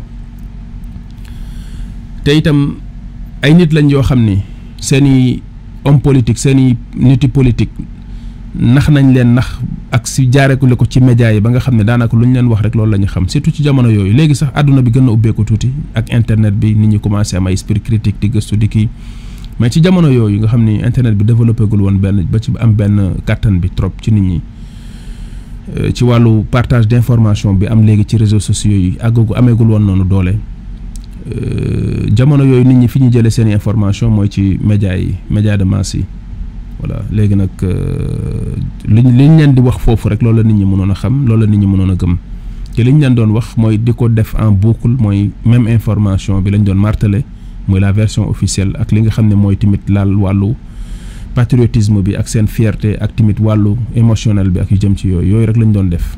te itam ay nit lañ yoo xam ni seen i homme politique seen i niti politique nax nañ leen nax ak si jaareekule ko ci média yi ba nga xam ne daanaka lu ñu leen wax rek loolu lañu xam surtout ci jamono yooyu léegi sax àdduna bi gën a ubbeeku tuuti ak internet bi nit ñi commencé am ay esprit critique di gëstu di kii mais ci jamono yooyu nga xam ni internet bi développé woon benn ba ci am benn kàttan bi trop ci nit ñi euh, ci wàllu partage d'information bi am léegi ci réseaux sociaux yi àggagu ameegul woon noonu doole euh, jamono yooyu nit ñi fi ñu jëlee seen information mooy ci média yi média de masse yi. voilà léegi nag euh, liñ liñ leen di wax foofu rek loolu nit ñi mënoon a xam loolu la nit ñi mënoon a gëm te liñ leen doon wax mooy di ko def en boucle mooy même information bi lañ doon martelé mooy la version officielle ak li nga xam ne mooy tamit laal wàllu patriotisme bi ak seen fierte ak tamit wàllu émotionnel bi ak yu jëm ci yooyu yooyu rek lañ doon def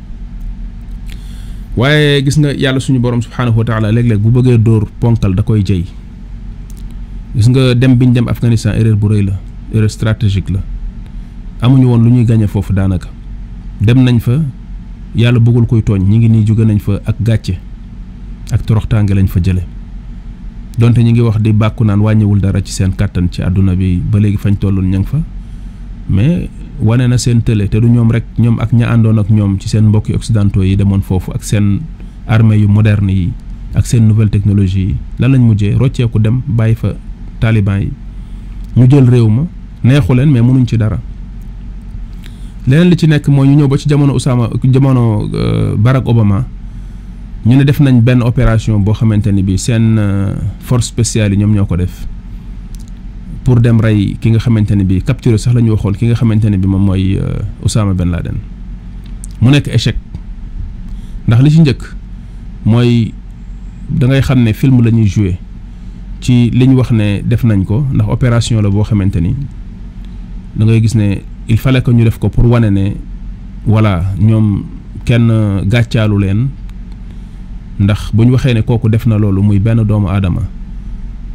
waaye gis nga yàlla suñu borom subhaanahu wa taala léeg-léeg bu bëggee dóor ponkal da koy jëy gis nga dem biñ dem Afghanistan erreur bu rëy la. erreur stratégique la amuñu woon lu ñuy gañe foofu daanaka dem nañ fa yàlla buggul koy tooñ ñi ngi nii jóge nañ fa ak gàcce ak toroxtaange lañ fa jële donte ñi ngi wax di bàkku naan wàññiwul dara ci seen kàttan ci àdduna bi ba léegi fañ tolloon ña ngi fa mais wane na seen télé te du ñoom rek ñoom ak ña àndoon ak ñoom ci seen mbokki occidentaux yi demoon foofu ak seen armée yu moderne yi ak seen nouvelle technologie yi lan lañ mujjee rocceeku dem bàyyi fa taliban yi neexu leen mais mënuñ ci dara leneen li ci nekk mooy ñu ñëw ba ci jamono Ousama jamono euh, Barack Obama ñu ne def nañ benn opération boo xamante ni bi seen euh, force spéciale yi ñoom ñoo ko def pour dem rey ki nga xamante ne bi capturé sax la ñu waxoon ki nga xamante ne bi moom mooy euh, Ousama Ben Laden mu nekk échec ndax li ci njëkk mooy dangay xam ne film la ñuy joué ci li ñu wax ne def nañ ko ndax opération la boo xamante ni da ngay gis ne il fallait ñu def ko pour wane ne voilà ñoom kenn gàccaalu leen ndax bu ñu waxee ne kooku def na loolu muy benn doomu aadama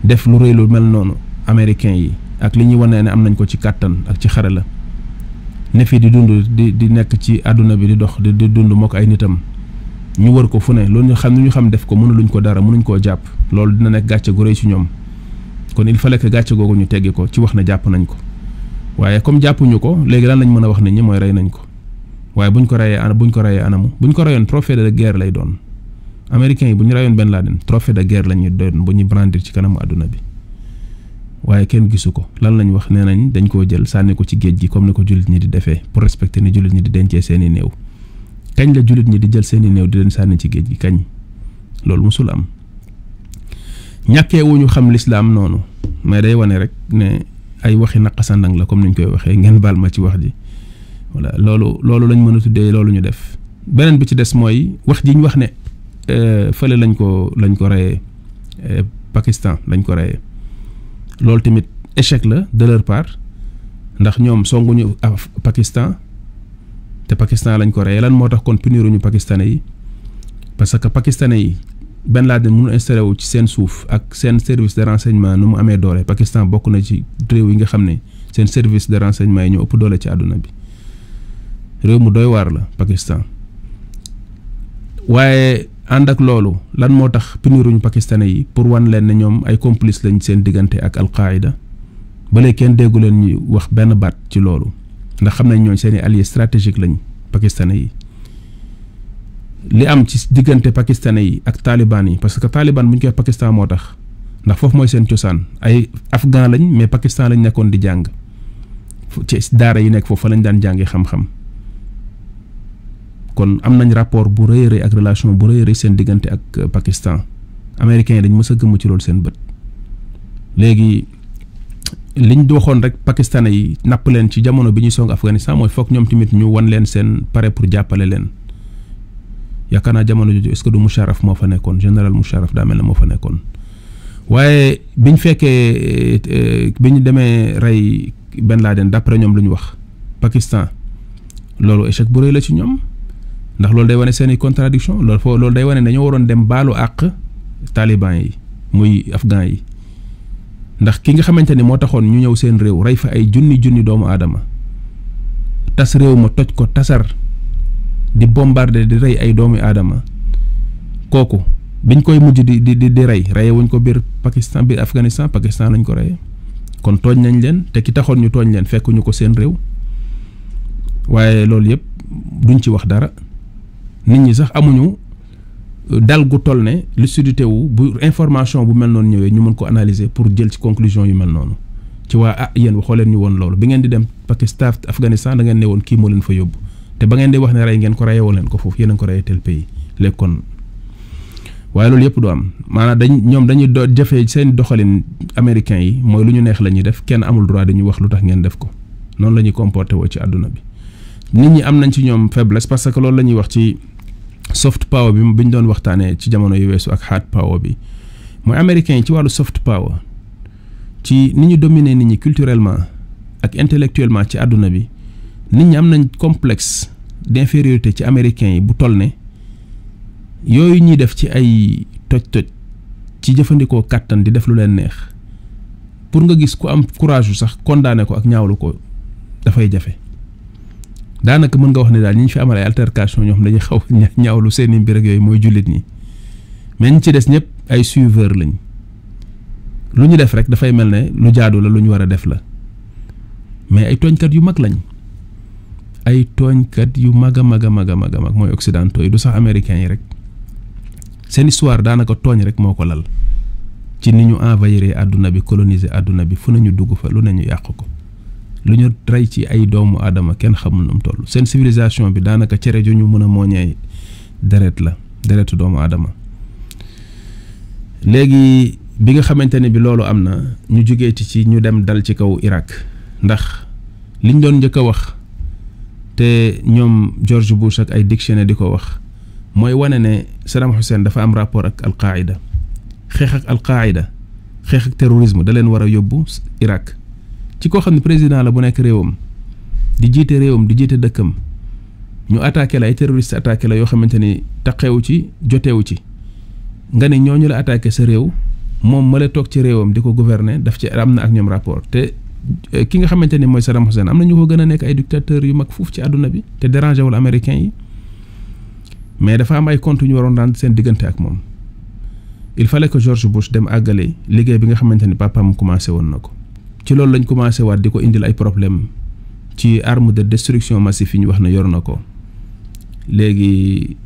def lu réy lu mel noonu américain yi ak li ñuy wane ne am nañ ko ci kàttan ak ci xare la ne fi di dund di di nekk ci àdduna bi di dox di dund moo ko ay nitam ñu war ko fu ne loolu ñu xam ni ñu xam def ko mënuluñ ko dara mënuñ koo jàpp loolu dina nekk gàcce gu rëy ci ñoom kon il fallait que gàcce googu ñu teggi ko ci wax na jàpp nañ ko waaye comme jàppuñu ko léegi lan lañ mën a wax nit ñi mooy rey nañ ko waaye buñ ko reyee ana buñ ko reyee anamu buñ ko reyoon trophée de guerre lay doon américains yi bu ñu reyoon benn Laden trophée de guerre la ñuy doon bu ñu brandir ci kanamu àdduna bi waaye kenn gisu ko lan lañ wax nee nañ dañ koo jël sànni ko ci géej gi comme ni ko jullit ñi di defee pour respecter ni jullit ñi di dencee seen i néew kañ la jullit ñi di jël seen i néew di leen sànni ci géej gi kañ loolu musul am ñàkkee wuñu xam lislaam noonu mais day wane rek ne ay waxi naqasandang la comme ni ñu koy waxee ngeen baal ma ci wax ji voilà loolu loolu lañ mën a tuddee loolu ñu def beneen bi ci des mooy wax ji ñu wax ne euh, fële lañ ko lañ ko reyee euh, Pakistan lañ ko reyee loolu tamit échec la de leur part ndax ñoom songuñu Pakistan te Pakistan lañ ko reyee lan moo tax kon puniruñu pakistanais yi parce que pakistanais yi Ben Laden mënul installé wu ci seen suuf ak seen service de renseignement nu mu amee doole Pakistan bokk na ci réew yi nga xam ne seen service de renseignement yi ñoo ëpp doole ci àdduna bi réew mu doy waar la Pakistan waaye ànd ak loolu lan moo tax piniruñu pakistanais yi pour wan leen ne ñoom ay complice lañ seen diggante ak alqaida ba léegi kenn déggu leen ñu wax benn baat ci loolu ndax xam nañ ñooñ seen i alliés stratégique lañ pakistanais yi li am ci diggante pakistanais yi ak taliban yi parce que taaliban bu ñu koy pakistan moo tax ndax foofu mooy seen cosaan ay afghan lañ mais pakistan lañ nekkoon di jàng ci daara yi nekk foofu fa lañ daan jàngi xam-xam kon am nañu rapport bu rëy rëy ak relation bu rëy rëy seen diggante ak euh, pakistan américains yi dañ mës a gëmm ci loolu seen bët léegi liñ waxoon rek pakistanais yi napp leen ci jamono bi ñuy song afghanistan mooy foog ñoom tamit ñu wan leen seen pare pour jàppale leen yaakaar naa jamono jooju est-ce que du Moucharaf moo fa nekkoon général Moucharaf daa mel ne moo fa nekkoon waaye biñ fekkee eh, bi ñu demee rey benn Laden d'après ñoom lu ñu wax Pakistan loolu échec bu rëy la ci ñoom ndax loolu day wane seen i contradiction loolu foo loolu day wane dañoo waroon dem baalu àq taaliban yi muy afghan yi ndax ki nga xamante ni moo taxoon ñu ñëw seen réew rey fa ay junni junni doomu aadama tas réew ma toj ko tasar di bombarde di rey ay doomu aadama kooku biñ koy mujj di di di rey reye wuñ ko biir Pakistan biir Afghanistan Pakistan lañ ko reye kon tooñ nañ leen te ki taxoon ñu tooñ leen fekkuñu ko seen réew waaye loolu yëpp duñ ci wax dara nit ñi sax amuñu euh, dal gu toll ne lucidité wu bu information bu mel noonu ñëwee ñu mën ko analyser pour jël ci conclusion yu mel noonu ci waa ah yéen waxoo leen ñu woon loolu bi ngeen di dem Pakistan Afghanistan da ngeen ne woon kii moo leen fa yóbbu. te ba ngeen di wax ne rey ngeen ko reyewoo leen ko foofu yéen a ko reyee tel pays kon waaye loolu yëpp du am maanaam dañ ñoom dañuy do jëfee seen doxalin américains yi mooy lu ñu neex la ñuy def kenn amul droit dañuy wax lu tax ngeen def ko noonu la ñuy comporté woo ci àdduna bi nit ñi am nañ ci ñoom faiblesse parce que loolu la ñuy wax ci soft power bi bi ñu doon waxtaanee ci jamono yu weesu ak hard power bi mooy américains yi ci wàllu soft power ci ni ñu dominer nit ñi culturellement ak intellectuellement ci àdduna bi nit ñi am nañ complexe d'infériorité ci américains yi bu toll ne yooyu ñuy def ci ay toj-toj ci jëfandikoo kàttan di def lu leen neex pour nga gis ku am courage yu sax condamné ko ak ñaawlu ko dafay jafe daanaka mën nga wax ne daal ñi fi amal ay altercation ñoo xam dañuy xaw ñaawlu seeni i mbir ak yooyu mooy jullit ñi mais ñi ci des ñëpp ay suiveur lañ lu ñu def rek dafay mel ne lu jaadu la lu ñu war a def la mais ay tooñkat yu mag lañ. ay tooñkat yu mag a mag a mag a mag a mag mooy occidentaux yi du sax américains yi rek seen histoire daanaka tooñ rek moo ko lal ci ni ñu envahir àdduna bi coloniser àdduna bi fu nañu dugg fa lu ne ñu yàq ko lu ñu rey ci ay doomu aadama kenn xamul nu mu toll seen civilisation bi daanaka cere ju ñu mën a mooñee deret la deretu doomu aadama léegi bi nga xamante ne bi loolu am na ñu jógee ci ci ñu dem dal ci kaw Irak ndax liñ doon njëkk a wax. te ñoom George Bush ak ay dictionnaire di ko wax mooy wane ne Saddam Hussein dafa am rapport ak alqaida xeex ak alqaida xeex ak terrorisme da leen war a yóbbu Irak ci koo xam ne président la bu nekk réewam di jiite réewam di jiite dëkkam ñu attaqué la ay terroriste attaqué la yoo xamante ni taqewu ci jotewu ci nga ne ñoo ñu la attaqué sa réew moom ma la toog ci réewam di ko gouverner daf ci am na ak ñoom rapport Euh, ki nga xamante ni mooy Saddam Hussein am na ñu ko gën a nekk ay dictateurs yu mag foofu ci àdduna bi te dérangé wul américain yi mais dafa am ay compte ñu waroon rendre seen diggante ak moom il fallait que George Bush dem àggale liggéey bi nga xamante ni papaam commencé woon na ko ci loolu lañ commencé waat di ko indil ay problème ci arme de destruction massive yi ñu wax na yor na ko léegi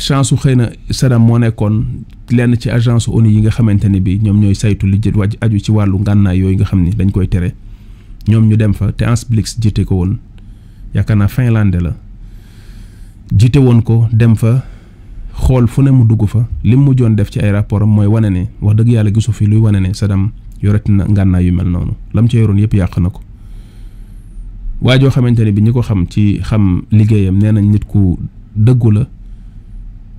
chance su xëy na Sadam moo nekkoon lenn ci agence ONU yi nga xamante ne bi ñoom ñooy saytu li jët wàj aju ci wàllu ngànnaay yooyu nga xam ni dañ koy tere ñoom ñu dem fa te Hans jiite ko woon yaakaar naa Finlande la jiite woon ko dem fa xool fu ne mu dugg fa li mu joon def ci ay rapport am mooy wane ne wax dëgg yàlla gisu fi luy wane ne Sadam yoreti na ngànnaay yu mel noonu lam ca yoroon yëpp yàq na ko waa joo xamante ne bi ñi ko xam ci xam liggéeyam nee nañ nit ku dëggu la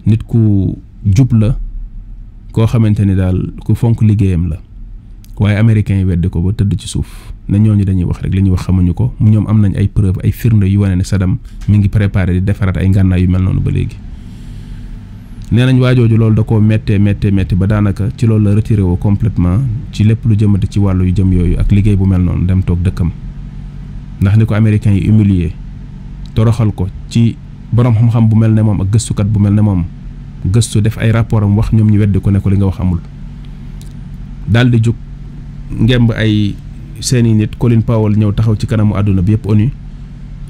nit ku jub la koo xamante ni daal ku fonk liggéeyam la waaye américains yi weddi ko ba tëdd ci suuf na ñooñu dañuy wax rek li ñuy wax xamuñu ko ñoom am nañ ay preuve ay firnde yu wane ne Saddam mi ngi préparé di defaraat ay ngànnaay yu mel noonu ba léegi. nee nañ waajooju loolu da koo méttee méttee métti ba daanaka ci loolu la retiré woo ci lépp lu jëmati ci wàllu yu jëm yooyu ak liggéey bu mel noonu dem toog dëkkam ndax ni ko américains yi humilier boroom xam-xam bu mel ne moom ak gëstukat bu mel ne moom gëstu def ay rapport am wax ñoom ñu weddi ko ne li nga wax amul daal di jóg ngemb ay seeni nit Colin Powell ñëw taxaw ci kanamu àdduna bi yëpp ONU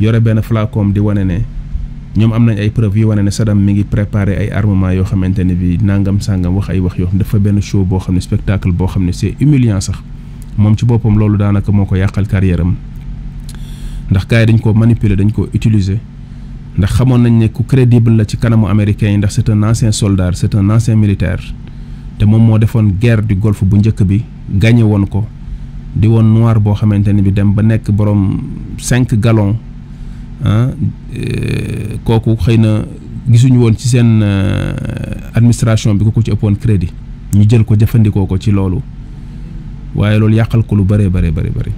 yore benn flacon di wane ne ñoom am nañ ay preuve yu wane ne Saddam mi ngi préparé ay armement yoo xamante ne bi nangam sàngam wax ay wax yoo xam dafa benn show boo xam ne spectacle boo xam ne c'est humiliant sax moom ci boppam loolu daanaka moo ko yàqal carrière am dañ ko manipuler dañ ko utiliser ndax xamoon nañ ne ku crédible la ci kanamu américain yi ndax c'est un ancien soldat c'est un ancien te moom moo defoon guerre du golfe bu njëkk bi gagné woon ko di woon noir boo xamante ni bi dem ba nekk borom cinq gallons ah kooku xëy na gisuñu woon ci seen euh, administration bi ku ko ci ëppoon crédit ñu jël ko jëfandikoo ko ci loolu waaye loolu yàqal ko lu bëree bëri bëri bëri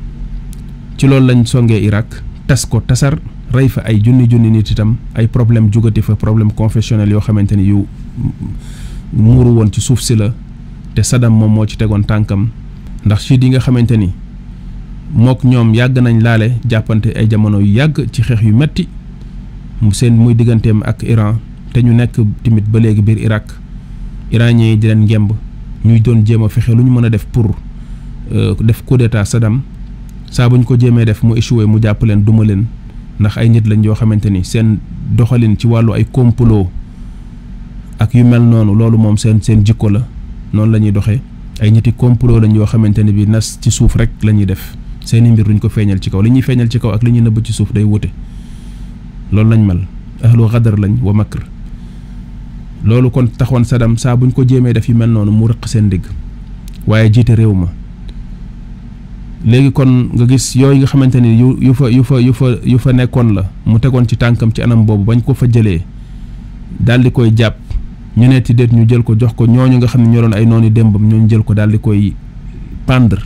ci loolu lañ songee Irak tas ko tasar. rey fa ay junni junni nit itam ay problème jugati fa problème confessionnel yoo xamante ni yu muuru woon ci suuf si la te Saddam moom moo ci tegoon tànkam ndax siit yi nga xamante ni mook ñoom yàgg nañ laale jàppante ay jamono yu yàgg ci xeex yu metti mu seen muy digganteem ak Iran te ñu nekk tamit ba léegi biir Irak iranien yi di leen ngemb ñuy doon jéem a fexe lu ñu mën a def pour euh, def coup d'état Saddam saa bu ñu ko jéemee def mu échoué mu jàpp leen duma leen ndax ay nit lañ yoo xamante ni seen doxalin ci wàllu ay complot ak yu mel noonu loolu moom seen seen jikko la noonu la ñuy doxee ay nit yi complot lañ yoo xamante ni bi nas ci suuf rek la ñuy def seeni mbir luñ ko feeñal ci kaw li ñuy feeñal ci kaw ak li ñuy nëbb ci suuf day wute loolu lañ mel ahlu xadar lañ wa makr loolu kon taxoon Saddam saa buñ ko jéemee def yu mel noonu mu rëq seen digg waaye jiite réew ma léegi kon nga gis yooyu nga xamante ni yu yu fa yu fa yu fa yu fa nekkoon la mu tegoon ci tànkam ci anam boobu bañ ko fa jëlee daal di koy jàpp ñu ne ci ñu jël ko jox ko ñooñu nga xam ne ñoo doon ay noonu démbam ñooñu jël ko daal koy pendre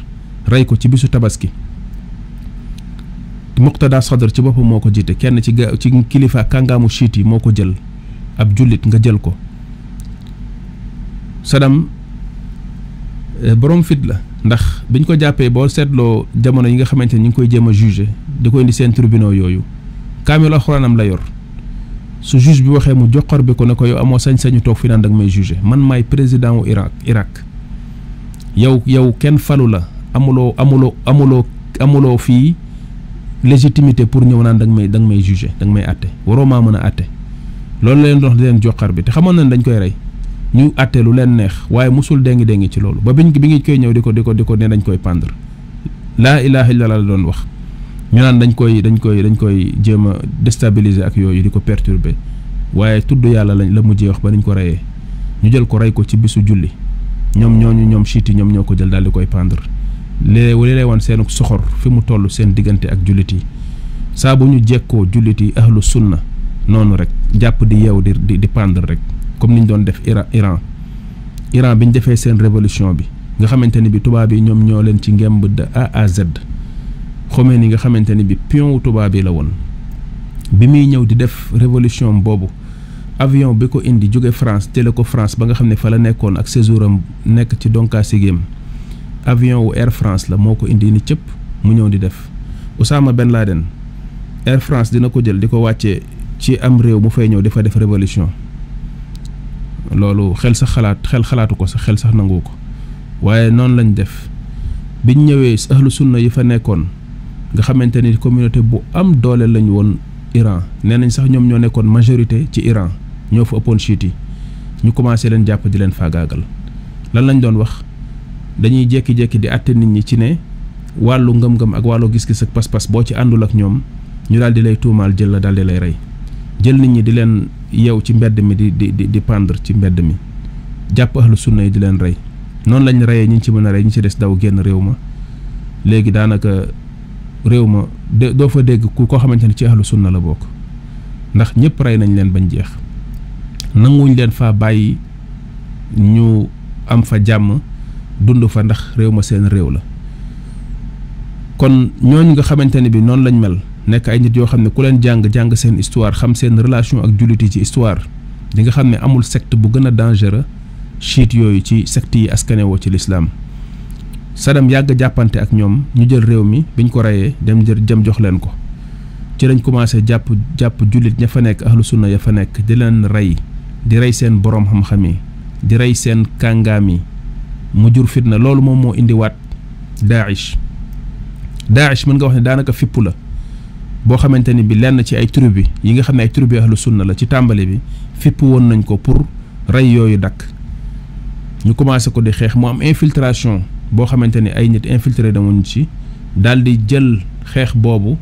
rey ko ci bisu tabaski muqtada sadr ci boppam moo ko jiite kenn ci ga ci kilifa kàngaamu chiit yi moo ko jël ab jullit nga jël ko Saddam eh, borom fit la. ndax biñ ko jàppee boo seetloo jamono yi nga xamante ni ñu ngi koy jéem a jugé di ko indi seen tribunaux yooyu kaamil alxuraanam la yor su juge bi waxee mu joxor bi ko ne ko yow amoo sañ-sañu toog fi naan da may jugé man maay président wu Irak Irak yow yow kenn falu la amuloo amuloo amuloo amuloo fii légitimité pour ñëw naan da may da may jugé da may àtte waroo maa mën a àtte loolu la leen dox di leen joxar bi te xamoon nañ dañ koy rey. ñu àtte lu leen neex waaye mosul déngi déngi ci loolu ba biñ bi ngi koy ñëw di ko di ko di ko ne dañ koy pendre laa ilaha illa la doon wax ñu naan dañ koy dañ koy dañ koy jéem a déstabiliser ak yooyu di ko perturbé waaye tudd yàlla lañ la mujjee wax ba dañ ko reyee ñu jël ko rey ko ci bisu julli ñoom ñooñu ñoom chiite ñoom ñoo ko jël daal koy pendre léeg wala lay wan seen soxor fi mu toll seen diggante ak jullit yi saa bu ñu jekkoo jullit yi ahlu sunna noonu rek jàpp di yeew di di pendre rek comme ni ñu doon def Iran Iran Iran bi ñu defee seen révolution bi nga xamante ni bi tubaab yi ñoom ñoo leen ci ngemb de A à Z Khomeini nga xamante ni bi pion wu tubaab yi la woon bi muy ñëw di def révolution boobu avion bi ko indi jóge France télé ko France ba nga xam ne fa la nekkoon ak séjouram nekk ci Donkasigem avion wu Air France la moo ko indi ni cëpp mu ñëw di def Osama Ben Laden Air France dina ko jël di ko wàccee ci am réew mu fay ñëw di def révolution loolu xel sax xalaat xel xalaatu ko sax xel sax nangu ko waaye noonu lañu def biñ ñëwee ahlu sunna yi fa nekkoon nga xamante ni communauté bu am doole lañu woon Iran nee nañ sax ñoom ñoo nekkoon majorité ci Iran ñoo fa ëppoon chiite yi ñu commencé leen jàpp di leen faagaagal lan lañ doon wax dañuy jékki-jékki di àtte nit ñi ci ne wàllu ngëm-ngëm ak wàllu gis-gis ak pas-pas boo ci àndul ak ñoom ñu daal di lay tuumaal jël la daal di lay rey jël nit ñi di leen. yow ci mbedd mi di di di pendre ci mbedd mi jàpp ahlu sunna yi di leen rey noonu lañ reyee ñi ci mën a rey ñi ci des daw génn réew ma léegi daanaka réew ma de doo fa dégg ku koo xamante ne ci ahlu na la bokk ndax ñëpp rey nañ leen bañ jeex nanguñ leen fa bàyyi ñu am fa jàmm dund fa ndax réew ma seen réew la kon ñooñu nga xamante ne bi noonu lañ mel nekk ay nit yoo xam ne ku leen jàng jàng seen histoire xam seen relation ak jullit yi ci histoire di nga xam ne amul secte bu gën a dangereux chiite yooyu ci secte yi askanewoo ci lislaam Saddam yàgg jàppante ak ñoom ñu jël réew mi biñ ko reyee dem jël jëm jox leen ko ci lañ commencé jàpp jàpp jullit ña fa nekk ahlu sunna ya fa nekk di leen rey di rey seen boroom xam-xam yi di rey seen kàngaam yi mu jur fitna loolu moom moo indiwaat Daesh Daesh mën nga wax ne daanaka fippu la. boo xamante ni bi lenn ci ay bi yi nga xam ne ay tribu ahlu sunna la ci tàmbali bi fépp woon nañ ko pour rey yooyu dakk ñu commencé ko di xeex mu am infiltration boo xamante ni ay nit infiltré demuñ ci daal di jël xeex boobu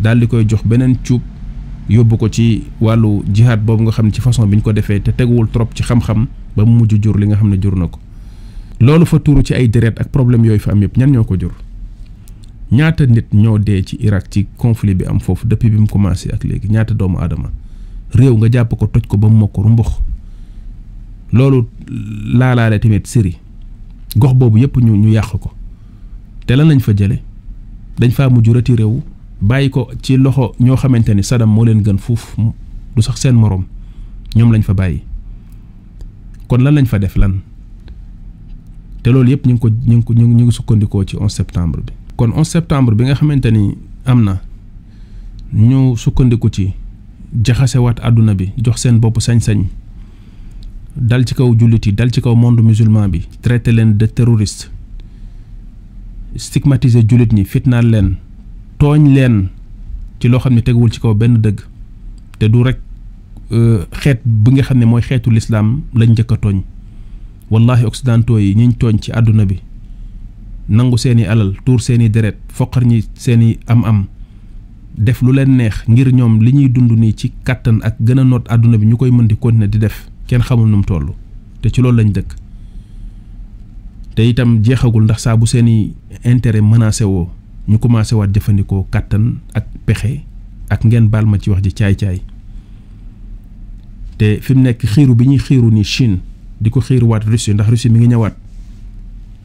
daal di koy jox beneen cuub yóbbu ko ci wàllu jihaad boobu nga xam ne ci façon bi ñu ko defee te teguwul trop ci xam-xam ba mu mujj jur li nga xam ne jur na ko loolu fa tuuru ci ay deret ak problème yooyu fa am yëpp ñan ñoo ko jur ñaata nit ñoo dee ci Irak ci conflit bi am foofu depuis bi mu commencé ak léegi ñaata doomu adama réew nga jàpp ko toj ko ba mu mokk mbox loolu laalaale tamit Syrie gox boobu yëpp ñu ñu yàq ko te lan lañ fa jële dañ fa mujj retiré wu bàyyi ko ci loxo ñoo xamante ni Saddam moo leen gën fuuf du sax seen moroom ñoom lañu fa bàyyi kon lan lañ fa def lan te loolu yëpp ñu ngi ko ñu ngi ko ñu ngi sukkandikoo ci 11 septembre bi. kon 11 septembre bi nga xamante ni am na ñu sukkandiku ci jaxasewaat àdduna bi jox seen bopp sañ-sañ dal ci kaw jullit yi dal ci kaw monde musulman bi traité leen de terroriste stigmatiser jullit ñi fitnaal leen tooñ leen ci loo xam ne teguwul ci kaw benn dëgg te du rek euh, xeet bi nga xam ne mooy xeetu lislaam lañ njëkk a tooñ wallahi occidentaux yi ñu tooñ ci àdduna bi nangu seeni alal tuur seeni deret foqar ñi seeni am-am def lu leen neex ngir ñoom li ñuy dund nii ci kàttan ak gëna noot àdduna bi ñu koy mën di continuer di def kenn xamul nu mu toll te ci loolu lañ dëkk te itam jeexagul ndax saa bu seeni intérêt menacé woo ñu commencé waat jëfandikoo kàttan ak pexe ak ngeen baal ma ci wax ji caay-caay te fi mu nekk xiiru bi ñuy xiiru ni Chine di ko xiiruwaat Russie ndax Russie mi ngi ñëwaat.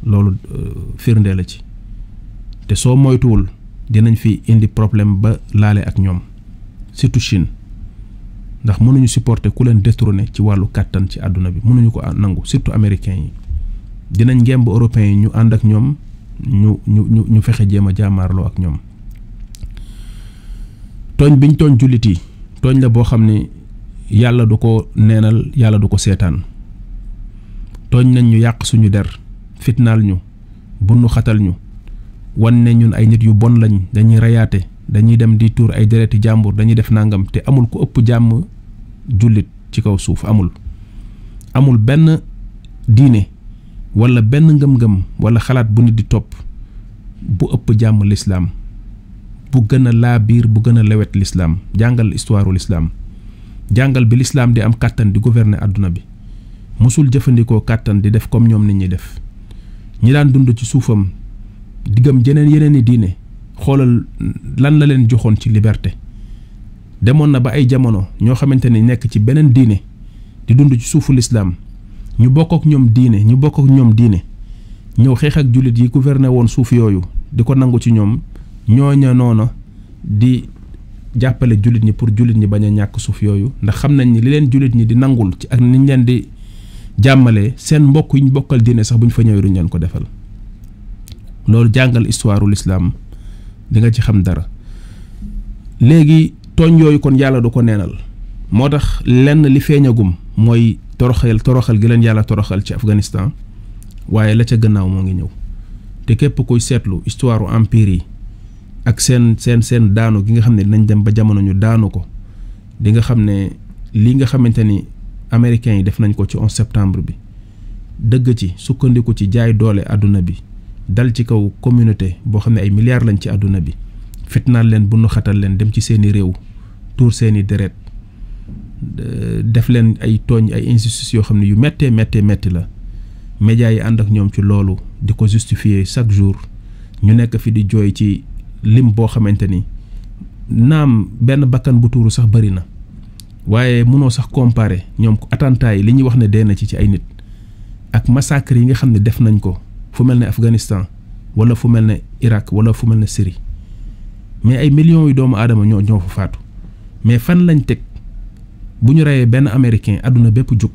loolu euh, firnde la ci te soo moytuwul dinañ fi indi problème ba laale ak ñoom surtout Chine ndax mënuñu supporter ku leen détrôner ci wàllu kàttan ci àdduna bi mënuñu ko nangu surtout américains yi dinañ ngemb européens yi ñu ànd ak ñoom ñu ñu ñu ñu fexe jéem a jaamaarloo ak ñoom tooñ biñ tooñ jullit yi tooñ la boo xam ne yàlla du ko neenal yàlla du ko seetaan tooñ nañ ñu yàq suñu der fitnaal ñu bunnu ñu wan ne ñun ay nit yu bon lañ dañuy reyaate dañuy dem di tuur ay dereti jàmbur dañuy def nangam te amul ku ëpp jàmm jullit ci kaw suuf amul amul benn diine wala benn ngëm-ngëm wala xalaat bu nit di topp bu ëpp jàmm lislaam bu gën a laa biir bu gën a lewet lislaam jàngal histoire lislaam jàngal bi lislaam di am kàttan di gouverner àdduna bi mosul jëfandikoo kàttan di def comme ñoom nit ñi def ñi daan dund ci suufam diggam jeneen yeneen i diine xoolal lan la leen joxoon ci liberté demoon na ba ay jamono ñoo xamante ni nekk ci beneen diine di dund ci suufu lislaam ñu bokk ak ñoom diine ñu bokk ñoom diine ñëw xeex ak jullit yi gouverner woon suuf yooyu di ko nangu ci ñoom ñooña noona di jàppale jullit ñi pour jullit ñi bañ a ñàkk suuf yooyu ndax xam nañ ñi li leen jullit ñi di nangul ci ak niñ leen di jàmmale seen mbokk yi ñu bokkal diine sax bu ñu fa ñëwee duñ leen ko defal loolu jàngal histoire l'islam di nga ci xam dara léegi tooñ yooyu kon yàlla du ko neenal moo tax lenn li feeñagum mooy toroxal toroxal gi leen yàlla toroxal ci Afghanistan waaye la ca gannaaw moo ngi ñëw te képp kuy seetlu histoire empire yi ak seen seen seen daanu gi nga xam ne dinañ dem ba jamono ñu daanu ko di nga xam ne li nga xamante ni américains yi def nañ ko ci 11 septembre bi dëgg ci sukkandiku ci jaay doole àdduna bi dal ci kaw communauté boo xam ne ay milliards lañ ci àdduna bi fitnaal leen bu nu xatal leen dem ci seeni réew tuur seeni deret euh, def leen ay tooñ ay injustices yoo xam ne yu méttee méttee métti la médias yi ànd ak ñoom ci loolu di ko justifier chaque jour ñu nekk fi di jooy ci lim boo xamante ni naam benn bakkan bu tuuru sax bari na waaye mënoo sax comparer ñoom attentat yi li ñuy wax ne dee na ci ci ay nit ak massacre yi nga xam ne def nañ ko fu mel ne Afghanistan wala fu mel ne Irak wala fu mel ne Syrie mais ay millions yu doomu aadama ñoo ñoo fa faatu mais fan lañ teg bu ñu reyee benn américain àdduna bépp jug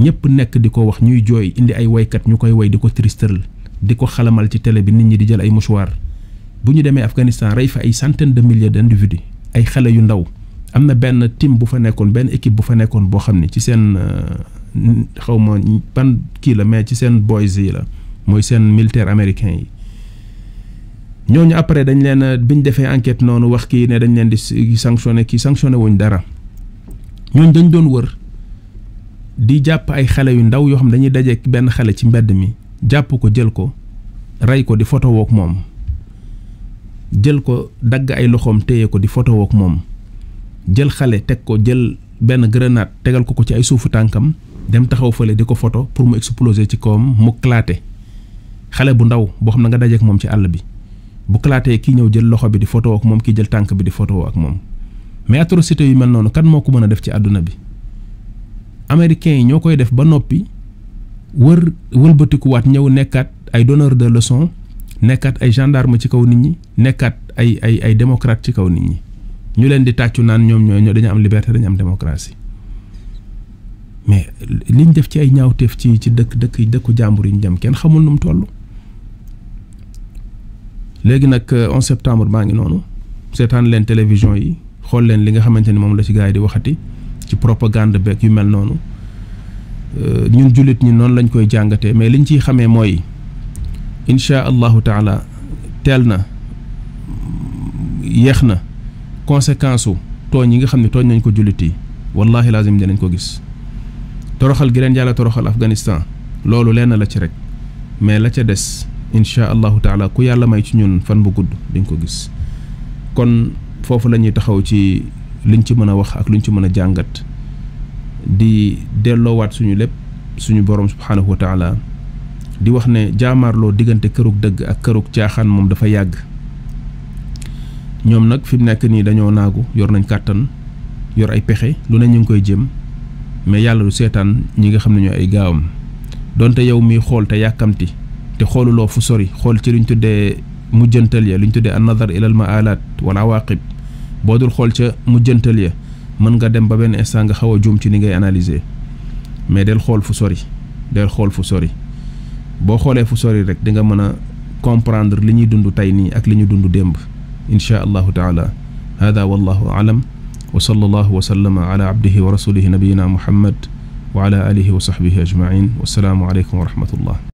ñëpp nekk di ko wax ñuy jooy indi ay woykat ñu koy way di ko tristëral di ko xalamal ci tele bi nit ñi di jël ay mouchoir bu ñu demee Afghanistan rey fa ay centaine de milliers d'individus ay xale yu ndaw am na benn time bu fa nekkoon benn équipe bu fa nekkoon boo xam ne ci seen euh, xaw ma ban kii la mais ci seen boys yi la mooy seen militaire américain yi ñooñu après dañ leen bi ñu defee enquête noonu wax kii ne dañ leen di sanctionné kii sanctionné wuñu dara ñooñu dañ doon wër di jàpp ay xale yu ndaw yoo xam dañuy daje benn xale ci mbedd mi jàpp ko jël ko rey ko di photo wook moom jël ko dagg ay loxoom téye ko di photo wook moom jël xale teg ko jël benn grenade tegal ko ko ci ay suufu tànkam dem taxaw fale di ko photo pour mu exploser ci kawam mu claté xale bu ndaw boo xam ne nga dajeek moom ci àll bi bu kalaatee kii ñëw jël loxo bi di photo ak moom kii jël tànk bi di photo ak moom mais atrocité yu mel noonu kan moo ko mën a def ci àdduna bi américains yi ñoo koy def ba noppi wër wëlbatikuwaat ñëw nekkaat ay donneur de leçon nekkaat ay gendarme ci kaw nit ñi nekkaat ay ay ay démocrate ci kaw nit ñi ñu leen di tàccu naan ñoom ñoo dañu am liberté dañu am démocratie mais liñ def ci ay ñaawteef ci ci dëkk dëkk dëkku jàmbur yi ñu dem kenn xamul nu mu toll. léegi nag 11 euh, septembre baa ngi noonu seetaan leen télévision yi xool leen li nga xamante ni moom la ci gars yi di waxati ci propagande beeg yu mel noonu euh, ñun jullit ñi noonu lañ koy jàngatee mais liñ ciy xamee mooy incha allahu taala teel na yéex na. conséquence su tooñ yi nga xam ne tooñ nañ ko jullit yi wallaahi laazim dinañ ko gis toroxal gi leen yàlla toroxal Afghanistan loolu lenn la ci rek mais la ca des incha allahu taala ku yàlla may ci ñun fan bu gudd dañ ko gis kon foofu la ñuy taxaw ci liñ ci mën a wax ak luñ ci mën a jàngat di delloowaat suñu lépp suñu borom subhaanahu wa taala di wax ne jaamaarloo diggante kërug dëgg ak kërug caaxaan moom dafa yàgg. ñoom nag fi mu nekk nii dañoo naagu yor nañ kàttan yor ay pexe lu ne ñu ngi koy jëm mais yàlla lu seetaan ñi nga xam ne ñoo ay gaawam donte yow mii xool te yàkkamti te xooluloo fu sori xool ci li ñu tuddee mujjantal ya lu ñu tuddee an nazar ilal maalaat wala awaqib boo dul xool ca mujjantal ya mën nga dem ba benn instant nga xaw a juum ci ni ngay analyser mais del xool fu sori del xool fu sori boo xoolee fu sori rek di nga mën a comprendre li ñuy dund tey nii ak li ñu dund démb inchaa allahu taala hada wallahu aalam wa sallallahu wa sallama ala abdihi wa rasulihi nabiyina muhammad wa ala alihi wa sahbihi ajmain wassalaamu aleykum wa rahmatullah